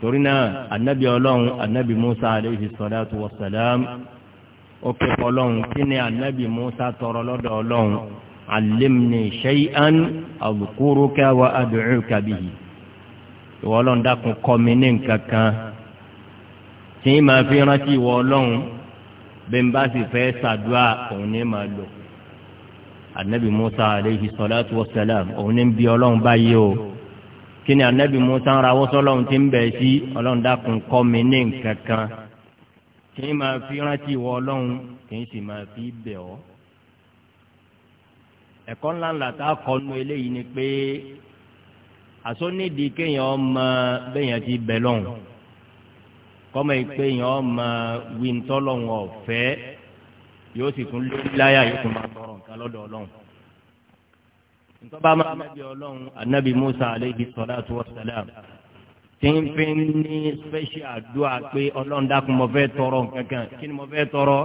torí náà anabi ọlọ́run anabi musa aleyhi salatu wa salam ó ké ọlọ́run kí ni anabi musa tọrọ lọ́dọ̀ ọlọ́run alimni shay'an alukuruka wa adu'uka bihi ìwọ ọlọ́run dákun kọ́ mi ní nǹkan kan tí ń máa fi rántí ìwọ ọlọ́run bí n bá sì òun ní máa lò anabi musa aleyhi salatu wa salam òun ní bí ọlọ́run báyìí o kí ni anabi musa ń rawọ́ sọ́lọ́run ti ń bẹ̀ sí ọlọ́run dákun kọ́ mi ní nǹkan kan kí n máa fi rántí ìwọ ọlọ́run kì í sì máa fi bẹ̀ ọ́. ẹ̀kọ́ ńlá ńlá tá a nu eléyìí ni pé àsọnídìí kéèyàn ọmọ béèyàn ti bẹ̀ lọ́hùn kọ́mọ ìpè yẹn ọmọ wíńtọ́lọ́hùn ọ̀fẹ́ yóò sì tún lórí láyà yóò tún máa tọrọ nǹkan lọ́dọ̀ ọlọ́run ntọ́ba máa nàbí ọlọ́run anabi musa aleyhi salatu wa salam tí ń fi ní special àdúrà pé ọlọ́run dákun mo fẹ́ tọrọ kankan kí ni mo fẹ́ tọrọ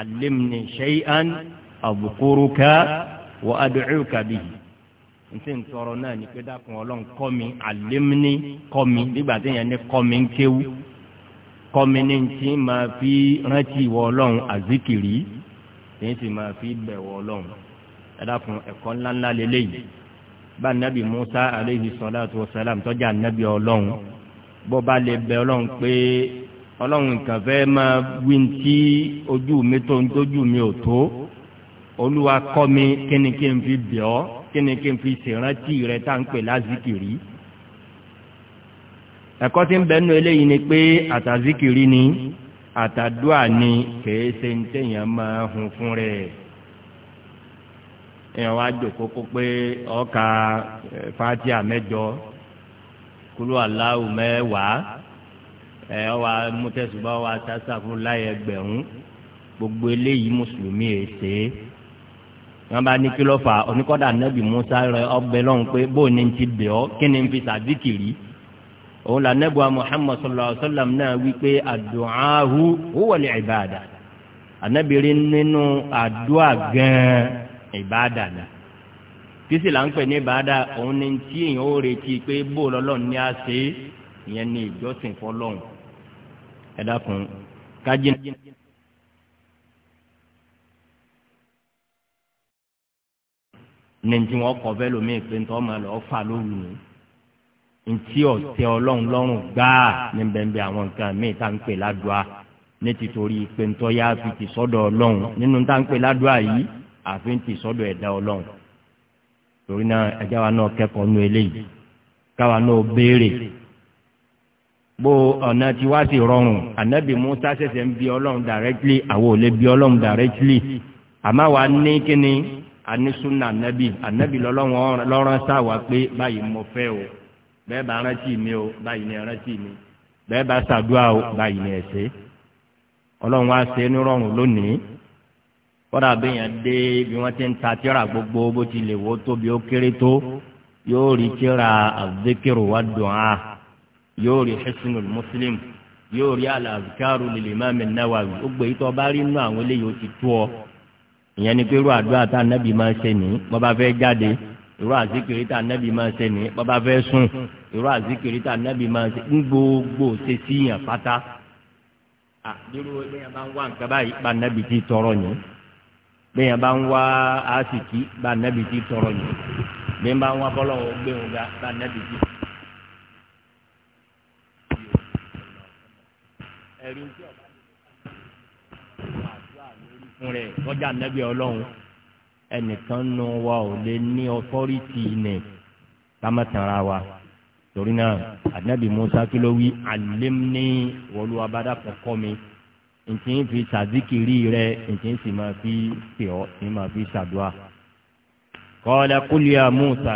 alimni shay'an abukuruka wa adu'uka bihi ntí ń tọrọ náà ni pé dákun ọlọ́run kọ́ mi alimni kọ́ nígbà tí yẹn ní kọ́ ń kéwú kọ́ mi ní ti máa fi rántí ìwọ ọlọ́run àzíkìrì tí ń sì máa fi bẹ̀wọ̀ ọlọ́run ẹ̀dàkùn ẹ̀kọ́ ńláńlá lélẹ́yìí bá nàbì Musa aleyhi salatu wa salam nabi nàbì ọlọ́run bó ba lè bẹ ọlọ́run pé ọlọ́run nǹkan fẹ́ máa wí ti ojú mi tó ń tójú mi ò tó olúwa kọ́ mi kí ni kí n fi bẹ̀ ọ́ kí ni kí n fi ṣèrántí rẹ tá à pè lázìkìrì ẹ̀kọ́ tí ń bẹ nínú eléyìí ni pé àtàzìkìrì ni àtàdúà ni kèé ṣe ń tẹ̀yàn máa hun fún rẹ̀ èèyàn wá jòkó kó pé ọkà fatia mẹ́jọ kúlú aláwù mẹ́wàá ẹ wá mútẹsùbá wá tásàfún láyé ẹgbẹ̀rún gbogbo eléyìí mùsùlùmí ẹ ṣe é wọn bá ní kí ló fà oníkọ́dà nẹ́bì musa rẹ ọbẹ̀ lọ́hùn pé bó ni ti bẹ̀ ọ́ kí ni fi sàdíkìrì òun là nẹ́bùa muhammad sallallahu alayhi wa sallam náà wí pé àdùnàáhu huwa al-ibada ànábìrin nínú àdúà gan ìbáàdà náà kìsì là ń pè ní ìbáàdà òun ni tí èèyàn ó retí pé bó lọ́lọ́run ní a ṣe é ìyẹn ni ìjọsìn fọlọ́run ẹ dákun kájí. ní tí wọ́n kọ fẹ́ lómi pé ntọ́ máa lọ́ọ́ fà lóru ni ntí ọ̀tẹ ọlọ́run lọ́rùn gbáà ní bẹ́ẹ̀ àwọn nǹkan míì tá ń pè ládùá ní títorí pé ntọ́ yá fi ti sọ́dọ̀ ọlọ́run nínú tá ń pè ládùá yìí àfi ń tì sọ́dọ̀ ẹ̀dá ọlọ́run torí náà ẹja wa náà kẹ́kọ̀ọ́ nu eléyìí káwa náà béèrè bó ọ̀nà tí wá sí rọrùn ànábì musa ṣẹ̀ṣẹ̀ ń bi ọlọ́run directly àwọn ò lè bi ọlọ́run directly àmọ́ wa ní kíni anisunna ànábì ànábì lọ́lọ́run lọ́rán sáwà pé báyìí mo fẹ́ o bẹ́ẹ̀ bá rántí mi o báyìí ni rántí mi bẹ́ẹ̀ bá ṣàdúrà o báyìí ni ẹ̀ ṣe ọlọ́run wa ṣe é nírọ̀rùn lónìí kọ́dà béèyàn dé bí wọ́n ti ń ta tíra gbogbo bó ti lè wó tóbi ó kéré tó yóò rí tíra az-zikru wad-du'a yóò rí Hisnul Muslim yóò rí al-azkaru lil-Imam an-Nawawi ó gbé ìtọ́ bá rí inú àwọn eléyìí ó ti tó ọ ìyẹn ni pé irú àdúrà tá anábì máa ń ṣe ní bọ́ bá fẹ́ jáde irú àzikiri tá anábì máa ń ṣe ní bọ́ bá fẹ́ sùn irú àzikiri tá anábì máa ṣe ń gbogbo ṣe sí yàn pátá. àdúró ẹgbẹ́ yẹn bá ń wá nǹkan báyìí bẹ́ẹ̀ bá ń wá àsìkí bá nábì ti tọrọ yìí bẹ́ẹ̀ bá ń wá bọ́lọ̀ gbé wọn ga bá nábì ti. ẹ̀rí tí ọba fún rẹ̀ kọjá nábì ọlọ́run ẹnìkan nu wa ò lè ní ọtọ́rìtì nì kámẹ́tara wa torí náà ànábì Musa kí ló wí alimni wọlúwa bá dàpọ̀ kọ́ mi ntí ń fi sàdíkìrì rẹ ntí ń sì máa fi pè ọ́ ní máa fi sàdúà. qala qul ya Musa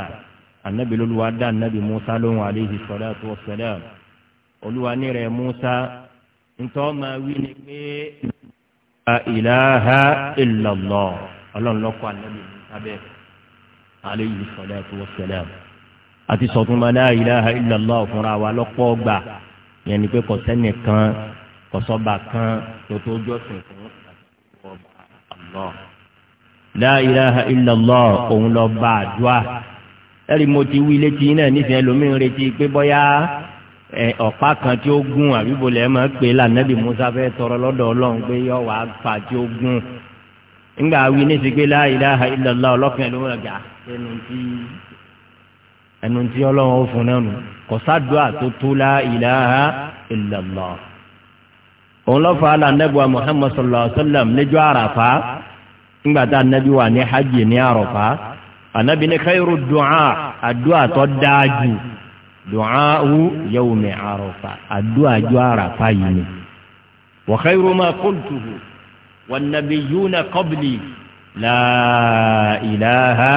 anabi lóluwa dá anabi Musa lóhùn alayhi salatu wa salam olúwa ní rẹ Musa ntọ́ máa wí ni pé la ilaha illallah ọlọ́run lọ́kọ́ anabi Musa bẹ́ẹ̀ alayhi salatu wa salam àti sọ̀túnmọ́ la ilaha illallah fúnra wa lọ́pọ̀ gbà yẹn ni pé kò sẹ́nìkan kò kan tó jọ́sìn fún ọba àlọ́. láìláha ìlọlọ òun lọ bá àdúrà ẹ̀rí mo ti wí létí náà nífẹ̀ẹ́ lómìn retí pé bọ́yá ọ̀pá kan tí ó gùn àbíbolẹ̀ máa ń pè lànàbì musa fẹ́ tọrọ lọ́dọ̀ ọlọ́run pé yọ wàá fà tí ó gùn ngba awi ní sikpe láyìláha ìlọlá ọlọ́fin ló ń gà ẹnu tí ẹnu tí ọlọ́run ó fún náà nù kọ́sádùá tó tó láyìláha ìlọlá òun lọ́fà alànẹ́bùwà muhammad sallallahu alayhi wa sallam níjọ́ àràfà ńgbàtà anabi wà ní hajj ní àràfà anabi ní khayru du'a àdúrà tó dáa jù du'a wu yawmi àràfà àdúrà jù àràfà yìí ni. wa khayru ma qultuhu wan nabiyyuna qabli la ilaha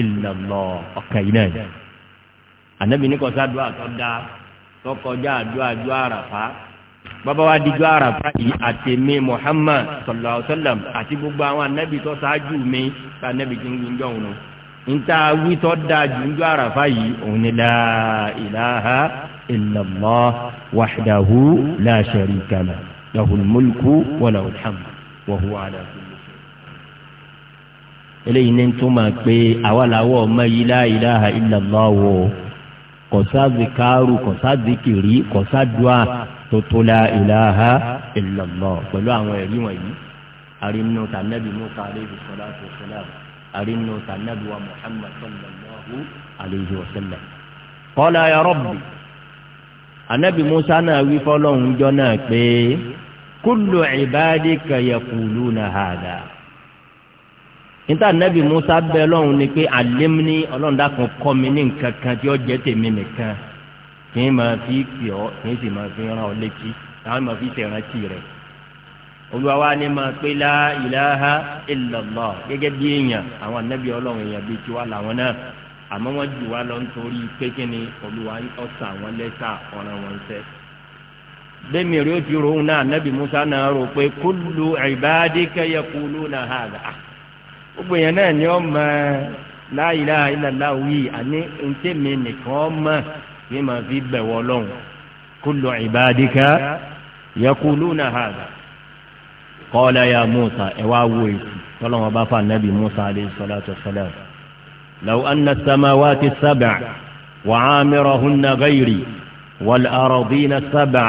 illallah ọ̀kẹ́ yìí anabi ní kọ́sá àdúrà tó dáa tó kọjá àdúrà jù àràfà bàbá wa dijọ́ àràfà yìí àtẹ̀mí muhammad sallallahu alayhi wa sallam àti gbogbo àwọn anabi tó ṣáájú mi ká anabi ti ń gbin jọ òun nta wítọ́ dáa ju njọ́ àràfà yìí òun ni la ilaha illallah wahdahu la sharika la lahul mulku wa lahul hamd wa huwa ala kulli eléyìí ni n máa pé àwa làwọ̀ ọmọ yìí la ilaha illallah wò kọ̀sádìkárù kọ̀sádìkìrí kọ̀sádùá tó tó la ìlàhà ìlọ̀lọ̀ pẹ̀lú àwọn ẹ̀rí wọ̀nyí. arínú tànàbí musa aleyhi salatu salam arínú tànàbí wa muhammad sallallahu aleyhi wa sallam. kọ́lá ya rọ́bì anabi musa náà wí fọlọ́hún jọ náà pé kúlù ìbádìí kàyẹ̀kùlù náà hàdà níta nabi musa bẹ lọ́hùn ni pé alimni ọlọ́run dàkún kọ́ mi ní nǹkan kan tí ó jẹ́ tèmi nìkan kì í máa fi pè ọ́ kì í sì máa fi ràn ọ́ létí àwọn máa fi ṣèrántí rẹ̀ olúwa ni máa pé la ilaha illallah gẹ́gẹ́ bí èèyàn àwọn anabi ọlọ́run èèyàn bíi tiwa làwọn náà àmọ́ wọ́n jù wá lọ nítorí pé kí ni olúwa ọ̀sà àwọn lẹ́sà ọ̀ràn wọn sẹ́ bẹ́ẹ̀ni rí o ti ròhùn náà anabi musa náà rò pé kullu ibadika yaquluna hadha ah, gbogbo yẹn náà ni ọ mọ la ilaha illallah wí àní ntẹ́mi nìkan mọ̀ kí màá fi bẹ̀ bẹ̀wọ̀ lọ́hùn kullu ibadika yaquluna hadha qala ya Musa ẹ̀ wá wo èsì tọ́lọ́wọ́n bá fà nàbì Musa alẹ́ sọlá salatu wa salam law anna ti sab'a wa á hún amirahunna ghayri wal na sab'a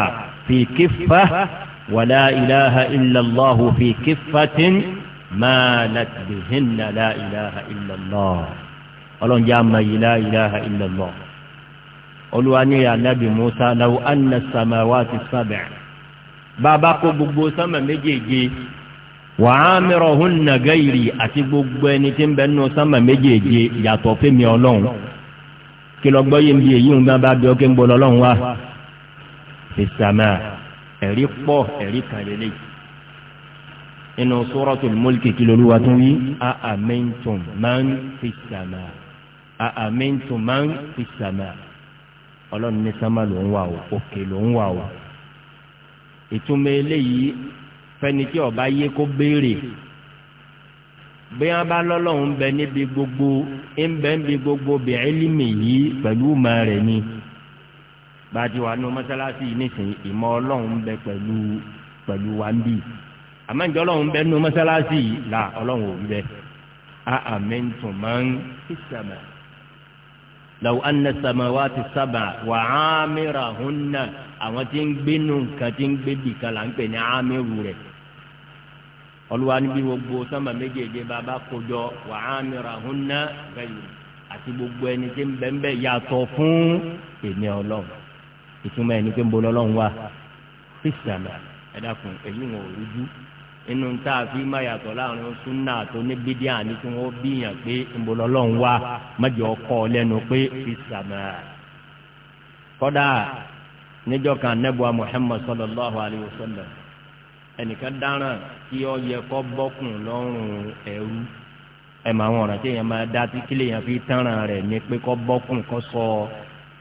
fi kiffa wa la ilaha illallah fi kiffatin. malat bihinna la ilaha illallah ọlọ́run jẹ́ àmà yìí la ilaha illallah olúwa ní anabi musa law anna samawati sab'a bàbá kó gbogbo sánmà méjèèje wàhámẹ́rọ̀ hún nàgẹ́yìrì àti gbogbo ẹni tí ń bẹ nínú sánmà méjèèje yàtọ̀ fẹ́mi ọlọ́run kí lọ gbọ́ yìí ń bi èyí ń bá bá bí ọkẹ́ ń gbọ́ lọ́lọ́run wá fi sàmà ẹ̀rí pọ̀ ẹ̀rí kan lélẹ́yìí inú suratul mulki kí lóluwà tó a amintum man fi sama a amintum man fi sama ọlọ́run ní sámà ló ń wà o òkè ló ń wà o ìtumọ̀ eléyìí fẹ́ni tí ọba yé kó béèrè bí wọn bá lọ́lọ́run bẹ níbi gbogbo ń bẹ níbi gbogbo bí ẹlímì yìí pẹ̀lú ìmọ̀ rẹ̀ ni bá a ti wà nù mọ́sálásí yìí nísìnyí ìmọ̀ ọlọ́run bẹ pẹ̀lú pẹ̀lú wa ń bì àmọ́ ǹjẹ́ ọlọ́run bẹ́ẹ̀ nu mọ́sálásí yìí là ọlọ́run ò ń bẹ́ẹ̀ a àmẹ́ntùn máa ń fi sàmà law anna samawati sab'a wa amirahunna àwọn tí ń gbé nù nǹkan tí ń gbé bìkan là ń pè ní amiru rẹ̀ olúwa níbi gbogbo sánmà méjèèjì bàbá kojọ wa amirahunna bẹ́ẹ̀ àti gbogbo ẹni tí ń bẹ́ẹ̀ bẹ́ẹ̀ yàtọ̀ fún èmi ọlọ́run ìtumọ̀ ẹni pé ń bọ́ lọ́lọ́run wa fi sàmà ẹ dákun èyí ń wọ̀ ojú. inú tá a fi má yàtọ̀ láàrin súnà tó ní bídíà ní kí wọ́n bíyàn pé ńbọ̀lọ́lọ́run wá mẹ́jọ kọ́ lẹ́nu pé fi sàmà. kọ́dà níjọ́ kan nẹ́bùa Muhammad sallallahu alayhi wa sallam ẹnìkan dáràn kí ọ yẹ kọ́ bọ́kùn lọ́rùn ẹ̀rú ẹ̀ máa wọn ọ̀ràn ya fi tánràn rẹ̀ ní pé kọ́ bọ́kùn kọ́ sọ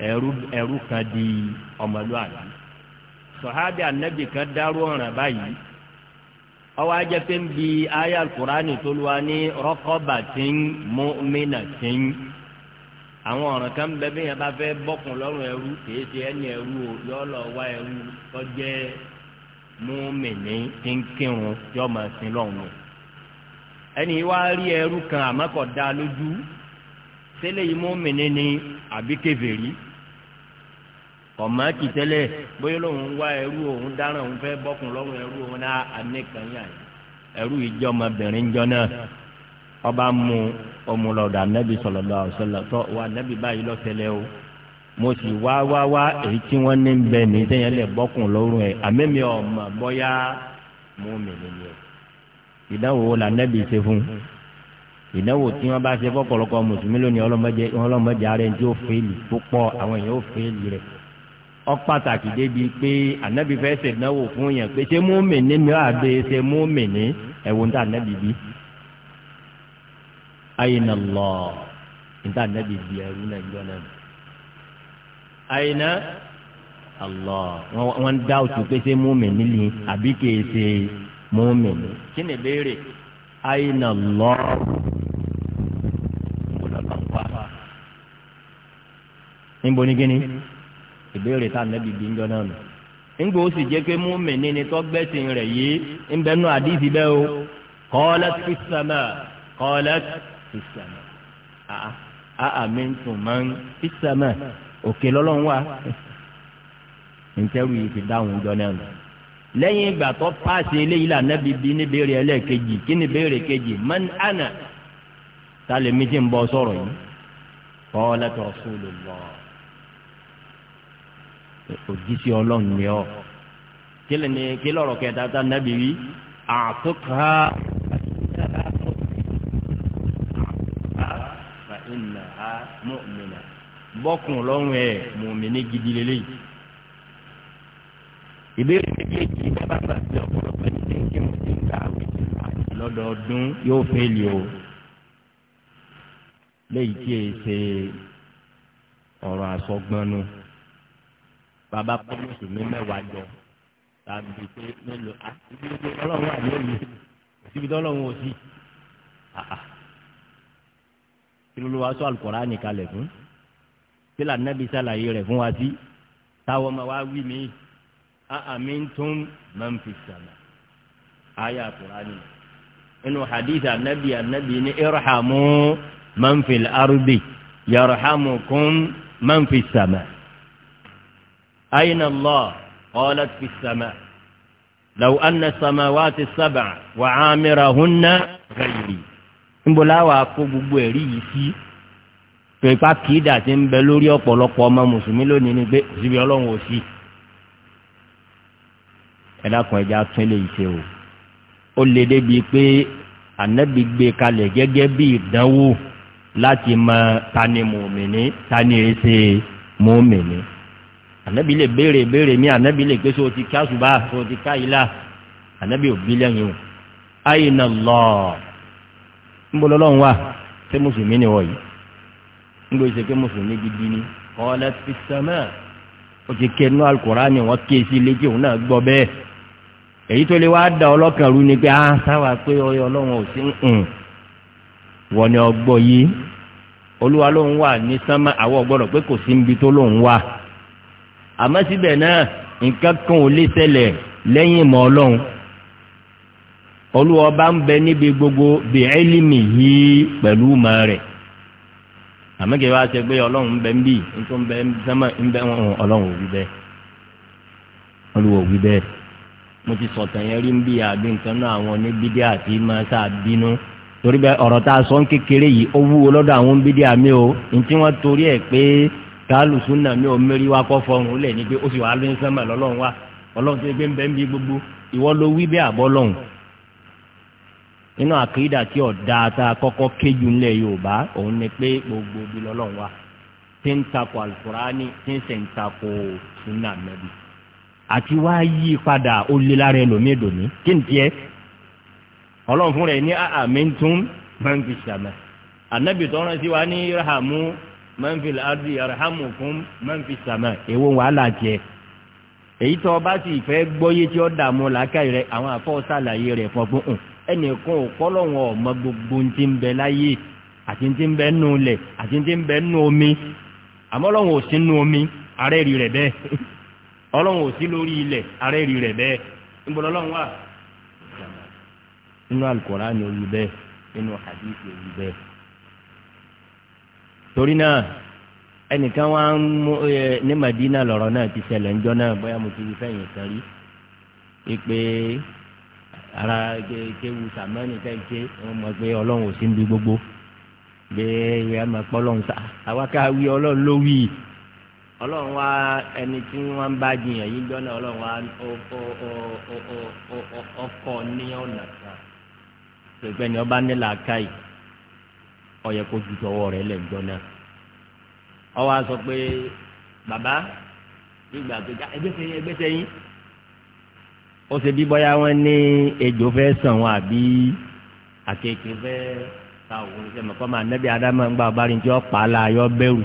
ẹ̀rú di ọmọlúwàbí. sọ̀hábì ọwọ́ ajẹ́ pé ń bi ayé alukurani tó lu wa ní rọ́kọ́bà tí ń mú mínà tí ń àwọn ọ̀ràn kan bẹ bí yẹn bá fẹ́ bọ́kùn lọ́rùn ẹrú kìí ṣe ẹni ẹrú o yọ lọ wá ẹrú kọjẹ́ mú mìíní tí ń kírun yọ máa sin lọ́rùn ẹni wá rí ẹrú kan àmọ́kọ̀dá lójú tẹ́lẹ̀ yìí mú mìíní ni àbí kèfèrí ọ̀mọ́ kì tẹ́lẹ̀ bóyá lòun ń wá ẹrú òun dáràn òun fẹ́ bọ́kùn lọ́rùn ẹrú òun náà anẹ́kàn yà ẹrú ìjọ ọmọbìnrin jọ náà ọba mú ọmọ anabi sallallahu alaihi wasallam tọ́ wa anabi báyìí lọ́tẹ̀lẹ̀ o mo sì wá wá wá èyí tí wọ́n ní bẹ ní tẹ́yẹn lẹ̀ bọ́kùn lọ́rùn ẹ̀ àmẹ́mi ọ̀mọ̀ bọ́yá mú mi nìyẹn ìdánwò wo la anabi ṣe fún un tí wọn bá ṣe fọpọlọpọ mùsùlùmí lónìí ọlọmọdé ọlọmọdé ara ẹni tí ó fèèlì púpọ̀ àwọn èèyàn ó fèèlì rẹ̀ ọ pàtàkì débi pé ànábì fẹ́ ṣe náwó fún yẹn pé ṣé mùmínì mi wà bẹ́ẹ̀ ṣe mùmínì ẹ̀wọ̀n tá ànábì bí. àyìnà lọ níta ànábì bí ẹrú náà jọ náà. àyìnà àlọ wọn dá òtún pé ṣé mùmínì ni àbí kìí ṣe mùmínì. kí ni béèrè àyìnà lọ. níbo ni gíní ìbéèrè tá ànábì bí ń jọ náà nù. ńgbà ó sì jẹ́ pé múmi-ní ni tó gbẹ́sìn rẹ̀ yìí ń bẹnu àdìsí bẹ́ẹ̀ o qalat fis sama qalat fis sama. a amintum man fis sama òkè lọ́lọ́run wa ntẹ́rù yìí ti dáhùn jọ náà nù. lẹ́yìn ìgbà tó paasi eléyìí là ànábì bí ní béèrè ẹlẹ́ẹ̀kejì kí ni béèrè kejì man ana tá lèmi ti ń bọ sọ̀rọ̀ yìí qalat rasulullah òjíṣẹ́ ọlọ́run ni ọ́ kílẹ̀ ni kílẹ̀ ọ̀rọ̀ kẹta tá nàbí wí àtúkà ìnàhà mọ̀mìnà bọ́kùn lọ́rùn ẹ̀ mọ̀mìnà gidi lélẹ́yìí. ìbéèrè méjèèjì bàbá bá ti ọ̀pọ̀lọpọ̀ ní kéńké mo ti ń ka àwọn ìṣẹ̀lẹ̀ àti lọ́dọọdún yóò fẹ́lẹ̀ o. léyìí tí e ṣe ọ̀rọ̀ àsọgbọ́n nù. No bàbá kó mùsùlùmí mẹ́wàá jọ tàbí pé mélòó a ibi tó ọlọ́run wà lónìí síbi tó ọlọ́run ò sí kí ló ló wá sọ Al-Kùránì kalẹ̀ fún kí là Nábì sàlàyé rẹ̀ fún wa sí táwọn ọmọ wa wí mí a'amintum man fi sama àyà Al-Kùránì inú hadith anabi anabi ni irhamu man fil yarhamukum man fi أين الله قالت في السماء لو أن السماوات السبع وعامرهن غيري níbo láwa kó gbogbo ẹ̀rí yìí sí pèpà kìdá ti ń bẹ lórí ọ̀pọ̀lọpọ̀ ọmọ mùsùlùmí lónìí ni pé síbi ọlọ́run ò sí. ẹ dákun ẹja tún lè ṣe o ó lè débi pé ànábì gbé kalẹ̀ gẹ́gẹ́ bí ìdánwò láti mọ tani mòmìnì tani èsè mòmìnì ànábì lè béèrè béèrè mi ànábì lè pé so ti ká ṣùgbọ́n so ti ká ilá ànábì ò bí lẹ́yìn o àyìnà lọ ńbọlọ lọ́hùn wa ṣé mùsùlùmí ni wọ̀nyí ńgbọ́ ìṣe pé mùsùlùmí gidi ni ọ̀lẹ́ ti sẹ́mẹ̀ o ti ké nú alukóra ni wọ́n ké sí létí òun náà gbọ́ bẹ́ẹ̀ èyí tó lè wá da ọlọ́kàn rú ni pé a ah, sáwà pé ọyọ ọlọ́run ò sí ń wọ́n ni ọgbọ́ yìí olúwa lóun wà ní sánmà àwọn ọgbọ́dọ̀ pé kò sí níbi tó lóun wà àmọ́ síbẹ̀ náà nǹkan kan ò lè ṣẹlẹ̀ lẹ́yìn ìmọ̀ ọlọ́run olúwa bá ń bẹ níbi gbogbo bí ẹ́límì yìí pẹ̀lú ìmọ̀ rẹ̀ àmọ́ kí wàá ṣe pé ọlọ́run ń bẹ ń bì nítorí ń bẹ ń sẹ́mọ̀ ń bẹ wọn ọlọ́run ò wí bẹ́ẹ̀ olúwa ò wí bẹ́ẹ̀ mo ti sọ̀tàn yẹn rí ń bí àbí nǹkan náà àwọn oníbídé àti máa sáà bínú torí bẹ́ẹ̀ ọ̀rọ̀ tá a sọ ń kékeré yìí ó wúwo lọ́dọ̀ àwọn oníbídé àmì o ní tí wọ́n torí ẹ̀ pé káàlù súnà mi ò mérí wa kọ́ fọrùn ó ní pé ó sì wàá lóyún sánmà lọ́lọ́run wa ọlọ́run tó gbé ń bẹ́ ń bí gbogbo ìwọ ló wí bẹ́ẹ̀ àbọ́ lọ́hùn. nínú àkìdá tí ọ̀dà tá a kọ́kọ́ kéjù ńlẹ̀ yorùbá òun ni pé gbogbo bí lọ́lọ́run wa ti ń takò alukurani ti ń sẹ̀ ń takò súnà mẹ́bi. àti wá yí padà ó lé lára ẹlòmíì dòní kí n tiẹ́ ọlọ́run fún rẹ̀ ní àmì tún máa rahamu man fil ardi yarhamukum sama èwo wàhálà tiẹ̀ èyí tó o bá sì fẹ́ gbọ́yé tí ó dààmú làákàyè rẹ àwọn àfọ́ sàlàyé rẹ̀ fọgbọ́n hàn ò gbogbo ti ń bẹ láyé àti ti ń bẹ nù lẹ̀ àti ti omi àmọ́ ọlọ́run ò sí nù omi bẹ́ẹ̀ ò sí lórí ilẹ̀ bẹ́ẹ̀ wà nínú torí náà ẹnìkan wá ń mú ẹ ní Madina lọ̀rọ̀ náà ti ṣẹlẹ̀ ńjọ́ náà bóyá mo ti rí fẹ̀yìn kan rí i pé ara kéwu sàmánì kẹ́kẹ́ wọ́n mọ̀ pé ọlọ́run ò sí níbi gbogbo bẹ́ẹ̀ ìwé àmọ́ pọ́ ọlọ́run sá àwa ká wí ọlọ́run ló wí ọlọ́run wa ẹni tí wọ́n ń bá jiyàn yìí jọ́nà ọlọ́run wa ọkọ̀ ní ọ̀nà kan pẹ̀pẹ́ ni ọba nílà káyìí ọyẹ kó ju tọwọ́ rẹ̀ lẹ ńjọ náà ọwọ sọ pé bàbá ìgbà tó já ẹgbẹ́ sẹ́yìn ẹgbẹ́ sẹ́yìn ó ṣe bí bóyá wọn ní ejò fẹ́ sàn wọn àbí àkekè fẹ́ ta òun ṣe mọ̀ fọ́mà nẹ́bí adama ń gba ọbaari tí ó pa á la yọ bẹ́rù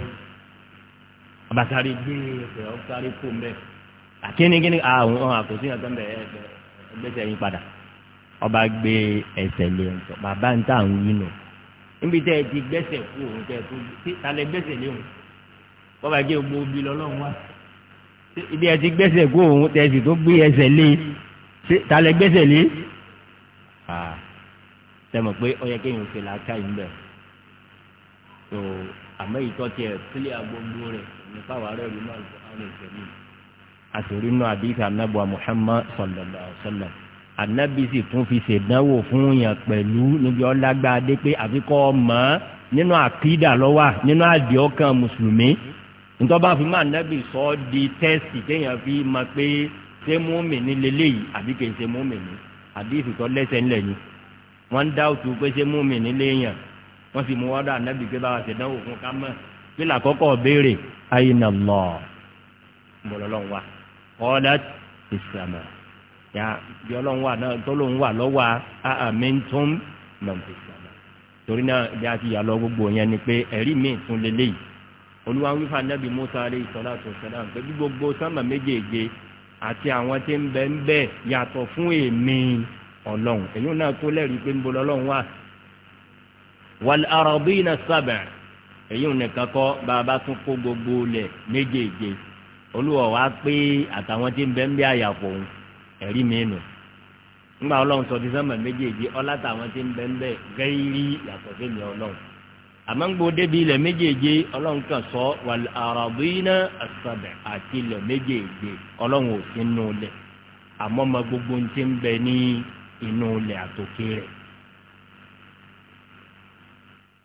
abasari gbé ẹsẹ̀ ọ̀sari kò mbẹ́ àkínníkínní àwọn àkòsí yẹn tó ń bẹ ẹgbẹ́ sẹ́yìn padà ọba gbé ẹsẹ̀ lé ń sọ ń tà ń wí nù. No níbi tẹ́ ẹ ti gbẹ́sẹ̀ kú òun tẹ́ ẹ tó talẹ̀ gbẹ́sẹ̀ léwu bọ́ba jẹ́ gbogbo obì lọ́lọ́run wá ibi ẹ ti gbẹ́sẹ̀ kú òun tẹ́ ẹ sì tó gbé ẹsẹ̀ lé talẹ̀ gbẹ́sẹ̀ lé tẹmọ̀ pé ó yẹ kéèyàn fi làákà yìí bẹ̀ tó àmọ́ ìtọ́ tiẹ̀ kílẹ̀ gbogbo rẹ̀ nípa wàrẹ̀ rí náà àwọn ìṣẹ̀lẹ̀ àtòrí náà àdìsí anábọ̀ Muhammad sallallahu alaihi wa sallam anabi sì tún fi ṣèdánwò fún yàn pẹ̀lú níbi ọlágbádé pé àfikọ́ ọmọ nínú àkídà lọ́wọ́ nínú àdìọ́kàn mùsùlùmí ntọ́ba fi máa nẹ́bì sọ ọ́ di tẹ́sì téèyàn fi mọ pé ṣé múmi ní leléyìí àbí kì í ṣe múmi ní àbí ìfìtọ́ lẹ́sẹ̀ ńlẹ̀ ni wọ́n ń dáwùtú pé ṣé múmi ní léèyàn wọ́n sì mú wọ́dọ̀ ànẹ́bì pé báwa ṣe dánwò fún ká mọ̀ kí làkọ́kọ́ béèrè ayé nà ọ̀dà ìsàmà yà bí ọlọ́run wà náà tọ́lọ́run wà lọ́wọ́ àmì tó ń nàbẹ̀ torí náà bí a ti yà lọ gbogbo yẹn ni pé ẹ̀rí mi tún lélẹ̀ yìí olúwa wífà nàbì musa alẹ́ ìsọ̀lá tó sẹ́dá pé bí gbogbo sánmà méjèèje àti àwọn tí ń bẹ ń bẹ yàtọ̀ fún èmi ọlọ́run èyí náà tó lẹ́rìí pé ń bọ lọ́lọ́run wà wàlẹ́ àrọ̀bí iná sábẹ̀ èyí nìkan kọ́ bàbá tún kó gbogbo lẹ̀ méjèèje olúwa wá pé àtàwọn tí ń bẹ ń bẹ àyàfọ̀ òun ẹ̀rí mìínú ńgbà ọlọ́run sọ ti sánmà méjèèjì ọlá táwọn ti ń bẹ́ ń bẹ́ gẹ́rí yàtọ̀ sẹ́mi ọlọ́run àmọ́ ń gbọ́ débi ilẹ̀ méjèèjì ọlọ́run kan sọ wal aradina as-sab'a àti ilẹ̀ méjèèjì ọlọ́run ò sí nù lẹ̀ àmọ́ ọmọ gbogbo ń ti ń bẹ ní inú ilẹ̀ àtòkè rẹ̀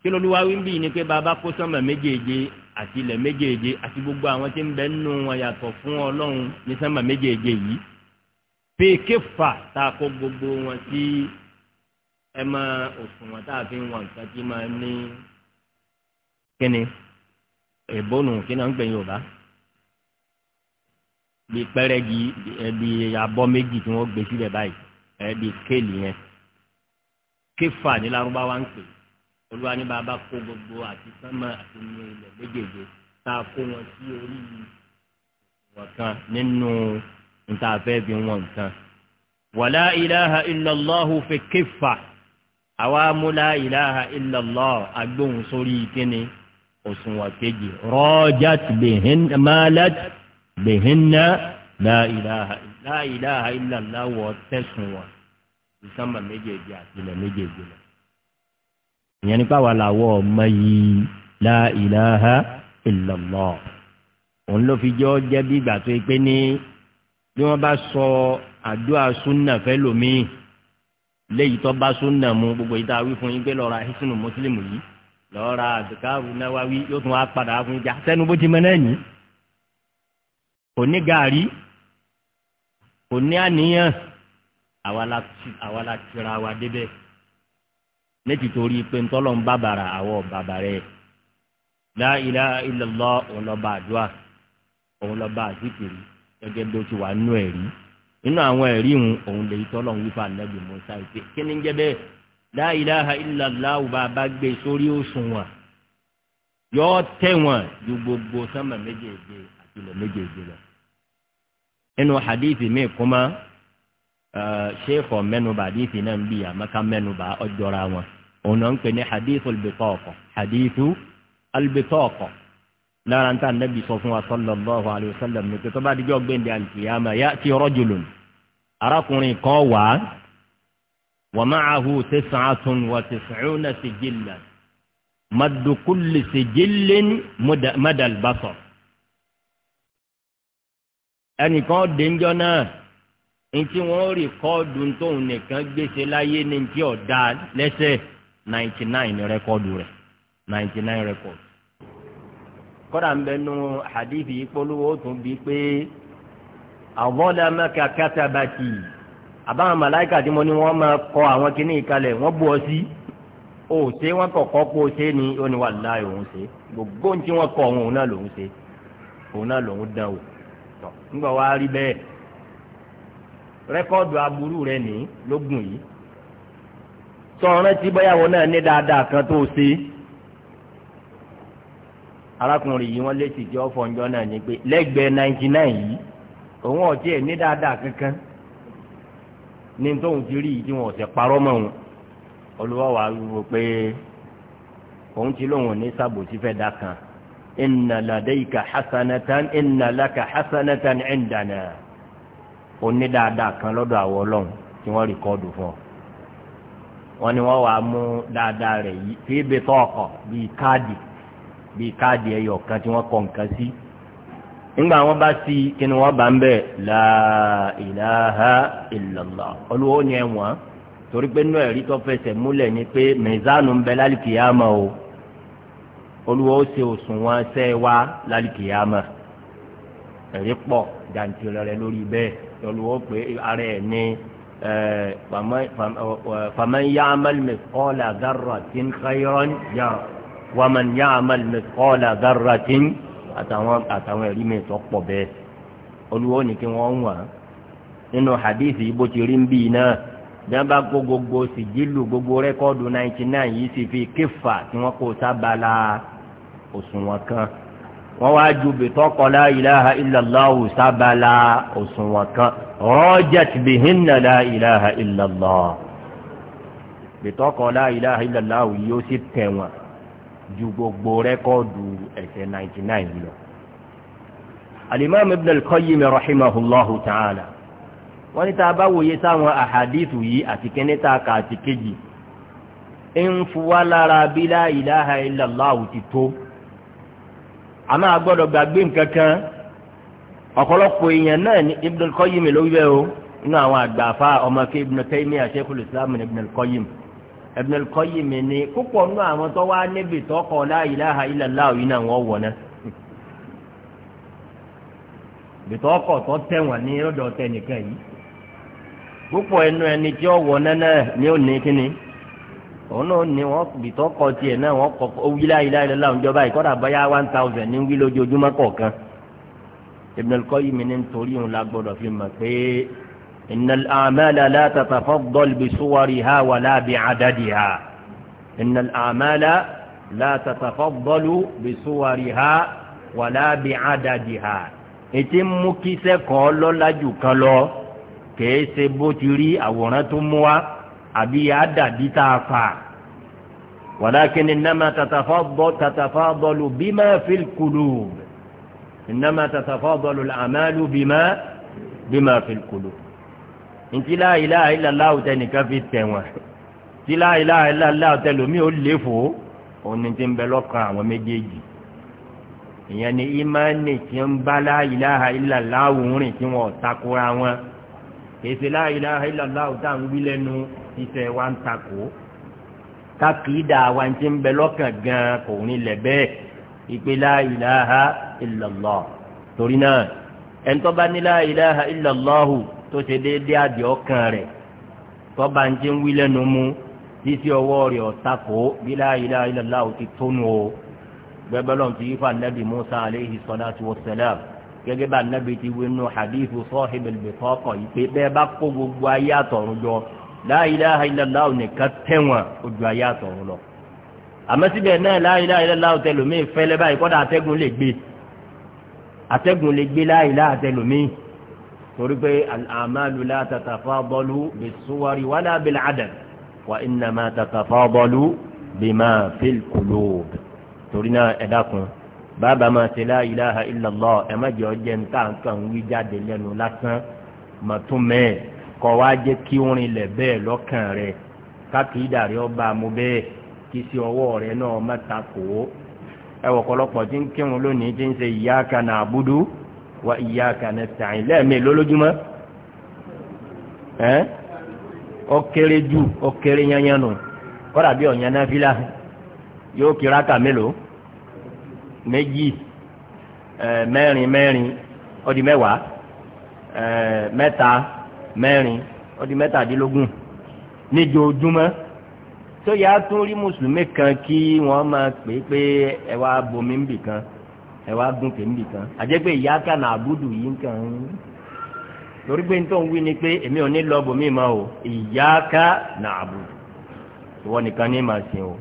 kí ló lúwa wí ń bí ni pé bàbá kó sánmà méjèèjì àti ilẹ̀ méjèèjì àti gbogbo àwọn tí ń bẹ nínú wọn yàtọ̀ fún ọlọ́run ní sánmà méjèèjì yìí fi kéfà tá a kó gbogbo wọn sí ẹ máa òṣùwọ̀n tá a fi ń wọn nǹkan tí máa ní kíni ìbónú kí náà ń gbẹ̀yìn Yorùbá bí pẹ́rẹ́gì ẹbí abọ́ méjì tí wọ́n gbé sílẹ̀ báyìí ẹbí kéèlì yẹn kéfà ní Lárúbáwá ń pè olúwa ní bàbá kó gbogbo àti sánmà àti ní ilẹ̀ méjèèjì tá a kó wọn sí orí ìwọ̀n kan nínú níta fẹ́ bí wọn nǹkan. wàlá ìlàhà ìlàlọ́hù fi kéfà àwa múlá ìlàhà ìlàlọ́hù agbóhùn sórí kíni òṣùwọ̀n kejì rọ́jàt málat bẹ̀hínná láìláha ìlàlọ́hù ọ̀tẹ̀sùn wọn ìsánmà méjèèjì àti ilẹ̀ méjèèjì lọ. ìyẹn nípa wà láwọ ọmọ yìí láìláha ìlàlọ́hù òun ló fi jọ́ jẹ́ bí ìgbà tó ní bí wọ́n bá sọ àdúrà súnà fẹ́ lòmíì léyìí tó bá súnà mu gbogbo yìí tá a wí fún yín pé lọ́ọ́ ra hísínù mùsùlùmù yìí lọ́ọ́ ra àdìkáàrú náwáwí yóò tún wá padà fún ìjà sẹ́nu bó ti mọ náà yìí kò ní gàárì kò ní àníyàn àwa la tira wa débẹ̀ ní torí pé ntọ́lọ́ ń bàbàrà àwọ̀ bàbàrà ẹ̀ láìláìlọ́lọ́ òun lọ́ba àdúrà òun lọ́ba àdìkìrì gẹ́gẹ́ bí ó ti wà nínú ẹ̀rí nínú àwọn ẹ̀rí hun òun lè tọ́lọ̀ ń wípa nàbì musa ìpè kí ni ń jẹ́ bẹ́ẹ̀ láìláha ìlàláwù bá a bá gbé e sórí òṣùwọ̀n yọ tẹ̀wọ̀n ju gbogbo sánmà méjèèjì àti ilẹ̀ méjèèjì lọ. nínú hadithi mi kuma ṣéèfọ̀ eh, mẹ́nuba hadithi náà ń bí àmọ́ká mẹ́nuba ọjọ́ra wọn òun ń pè ní hadithu albitọ́ọ̀kọ̀ hadithu albitọ́ọ̀kọ̀ lára ń tà nẹ́bí sọ fún wa sallallahu alayhi wa sallam ní pẹ́tọ́ bá dijọ́ gbẹ̀ndẹ̀ alìkìyàmà yá ti rajulun arákùnrin kan wà wa ma'ahu tis'atun wa tis'una sijillan maddu kulli sijillin madal basar. ẹnìkan dénjọ́ náà ntí wọ́n rí kọ́ọ̀dù tóun nìkan gbèsè láyé ní ntí ọ̀dà lẹ́sẹ̀ ninety rẹ́kọ́ọ̀dù rẹ̀ ninety rẹ́kọ́ọ̀dù kọ́dà ń bẹ nu hadithi ìpolówó tún bíi pé àwọ̀dàmẹ́ka kátàbàtì àbáwọn màláìka tí mo ní wọ́n máa kọ àwọn kinní ìkalẹ̀ wọ́n bú ọ sí o ṣe wọ́n kọ̀kọ́ kó o ṣe ni ó ní wà láàyè òun ṣe gbogbo ohun tí wọ́n kọ òun náà lòun ṣe òun náà lòun dán o tọ̀ nígbà wá rí bẹ́ẹ̀ rẹ́kọ́ọ̀dù aburú rẹ ní lógún yìí tọ́ ọ rántí bóyá wọn náà ní dáadáa kan tó o ṣe. arákùnrin yìí wọ́n létí tí ọ̀fọ̀ ńjọ́ náà ní pé lẹ́gbẹ̀ẹ́ náìjì náà yìí òun ọ̀tí ẹ̀ ní dáadáa kankan ní tóun ti rí yìí tí wọn ọ̀sẹ̀ parọ́ mọ́ òun olùwọ́ wà wíwo pé òun ti lóun ní sábòsí fẹ́ dá kan hasanatan hasanatan dáadáa kan àwọn tí fún ọ wọ́n ní wọ́n mú dáadáa yìí bíi káàdì bíi káàdì ẹyọ kan tí wọ́n kọ nǹkan sí nígbà wọn bá sí kí ni wọ́n bá ń bẹ̀ la ilaha illallah olúwo ni ẹ wọ́n torí pé nínú ẹ̀rí tó fẹsẹ̀ múlẹ̀ ni pé mẹ̀zánù ń bẹ lálìkìyàmọ̀ o olúwo ṣe òṣùwọ̀n ṣẹ́ wa lálìkìyàmọ̀ ẹ̀rí pọ̀ jàǹtìrẹrẹ lórí bẹ́ẹ̀ olùwọ́ pé ara ẹ̀ ní faman ya'mal mithqala dharratin khayran yara wàmàn yàmàl mẹkọ́lá dáràtín àtàwọn ẹ̀rí mi tó pọ̀ bẹ́ẹ̀ olúwo ni kí wọ́n wà nínú hadithi bó ti rí ń bí náà bí wọ́n bá kó gbogbo sìgílù gbogbo rẹ́kọ́ọ̀dù ninety nine yìí sì fi kéfà tí wọ́n kó sábàlá òṣùwọ̀n kan wọ́n wá ju bìtọ́kọ̀ la ilaha sábàlá òṣùwọ̀n kan rọ́jẹ̀t bihinna la ilaha illallah bìtọ́kọ̀ la yóò sì tẹ̀wọ̀n ju gbogbo rẹ́kọ́ọ̀dù ẹ̀ṣẹ̀ 99 lọ. alimam ibn al-qayyim rahimahullahu ta'ala wọ́n ní tá a bá wòye sáwọn àhàdìtù yìí àti kíní tá a kà àti kejì ń fuwá lára bí la ilaha illallah ti tó a máa gbọ́dọ̀ gbàgbé nǹkan kan ọ̀pọ̀lọpọ̀ èèyàn náà ní ibn al-qayyim ló o inú àwọn àgbààfà ọmọ kí ibn taymiyyah sheikhul islam ibn al-qayyim. Ibn al-Qayyim mi ni púpọ̀ nínú àwọn tó wá níbi tọkọ la ilaha illallah yìí náà wọ́n wọ̀ náà bìtọ́kọ̀ tó tẹ̀wọ̀n ní lọ́dọ̀ tẹ nìkan yìí púpọ̀ ẹnu ẹni tí ó wọ̀ náà ni ó ní kíni òun náà ni wọ́n bìtọ́kọ̀ tiẹ̀ náà wọ́n kọ̀ ó wí la ilaha illallah ìjọba ìkọ́dà báyà one thousand ní wí lójoojúmọ́ kọ̀ọ̀kan Ibn al إن الأعمال لا تتفضل بصورها ولا بعددها إن الأعمال لا تتفضل بصورها ولا بعددها إتم كيس كولو لا جوكالو كيس بوتيري أورنتموا أبي أدى بتافا ولكن إنما تتفضل تتفاضل بما في القلوب إنما تتفاضل الأعمال بما بما في القلوب ntí la ilaha illallah tẹ nìkan fi tẹ̀ wọ́n tí la ilaha illallah tẹ lómi ò lè fò òní ti ń bẹ lọ́kàn àwọn méjèèjì ìyẹn ni ìmánì tí ń bá la ilaha illallah rìn tí wọ́n takora wọn kèsì la ilaha illallah tá à ń wí wa ń takò kákìídà wa ti ń bẹ lọ́kàn gan kò ní lẹ̀ bẹ́ẹ̀ ìpè la ilaha illallah torí náà ẹ̀ńtọ́ bá ní la ilaha illallahu tó ṣe déédéé àdìẹ ọkàn rẹ̀ tọ́ba ń ti ń wí lẹ́nu mú títí ọwọ́ rẹ̀ ọ̀tako bí la ilaha illallah ti tónu o gbẹgbẹ́ lọ́n ti yí fún anabi musa aleyhi salatu wa salam gẹ́gẹ́ bá anabi ti wí nù hadithu sahib al-bitaqa yìí pé bẹ́ẹ̀ bá kó gbogbo ayé àtọ̀run jọ la ilaha illallah nìkan tẹ̀wọ̀n ojú ayé àtọ̀run lọ torí pé àmàlù la tatafadalu bis-suwari wala bil-adad wa innama tatafadalu bima fil qulub torí náà ẹ dákun bàbá máa ṣe la ilaha illallah ẹ má jẹ́ ọjẹ́ ní káàkan wí jáde lẹ́nu lásán màtúmẹ́ kọ́ wá jẹ́ kí orin lẹ̀ bẹ́ẹ̀ lọ́kàn rẹ̀ káàkiri dàrí ọba mu bẹ́ẹ̀ kí sí ọwọ́ rẹ̀ náà má ta kó ẹ̀wọ̀ ọ̀pọ̀lọpọ̀ tí ń kírun lónìí tí ń ṣe iyyaka na'budu wa iyyaka nasta'in lẹ́ẹ̀mẹ́ lólójúmọ́ ẹ́ ó kéré jù ó kéré yányán nù kọ́dà bí ọ̀yàn náà fi là yóò kí ráka mélòó méjì mẹ́rin mẹ́rin ó di mẹ́wàá mẹ́ta mẹ́rin ó di mẹ́tàdínlógún níjojúmọ́ tó yà á tún rí mùsùlùmí kan kí wọ́n máa pè é pé ẹ wá bomi ń ẹ wá gún tèmi kan àjẹgbẹ́ ìyá kan àbúdù yìí nǹkan torí pé nítorí wí ni pé èmi ò ní lọ bòmí ma o ìyá ká àbúdù ìwọ nìkan ní ma ṣe o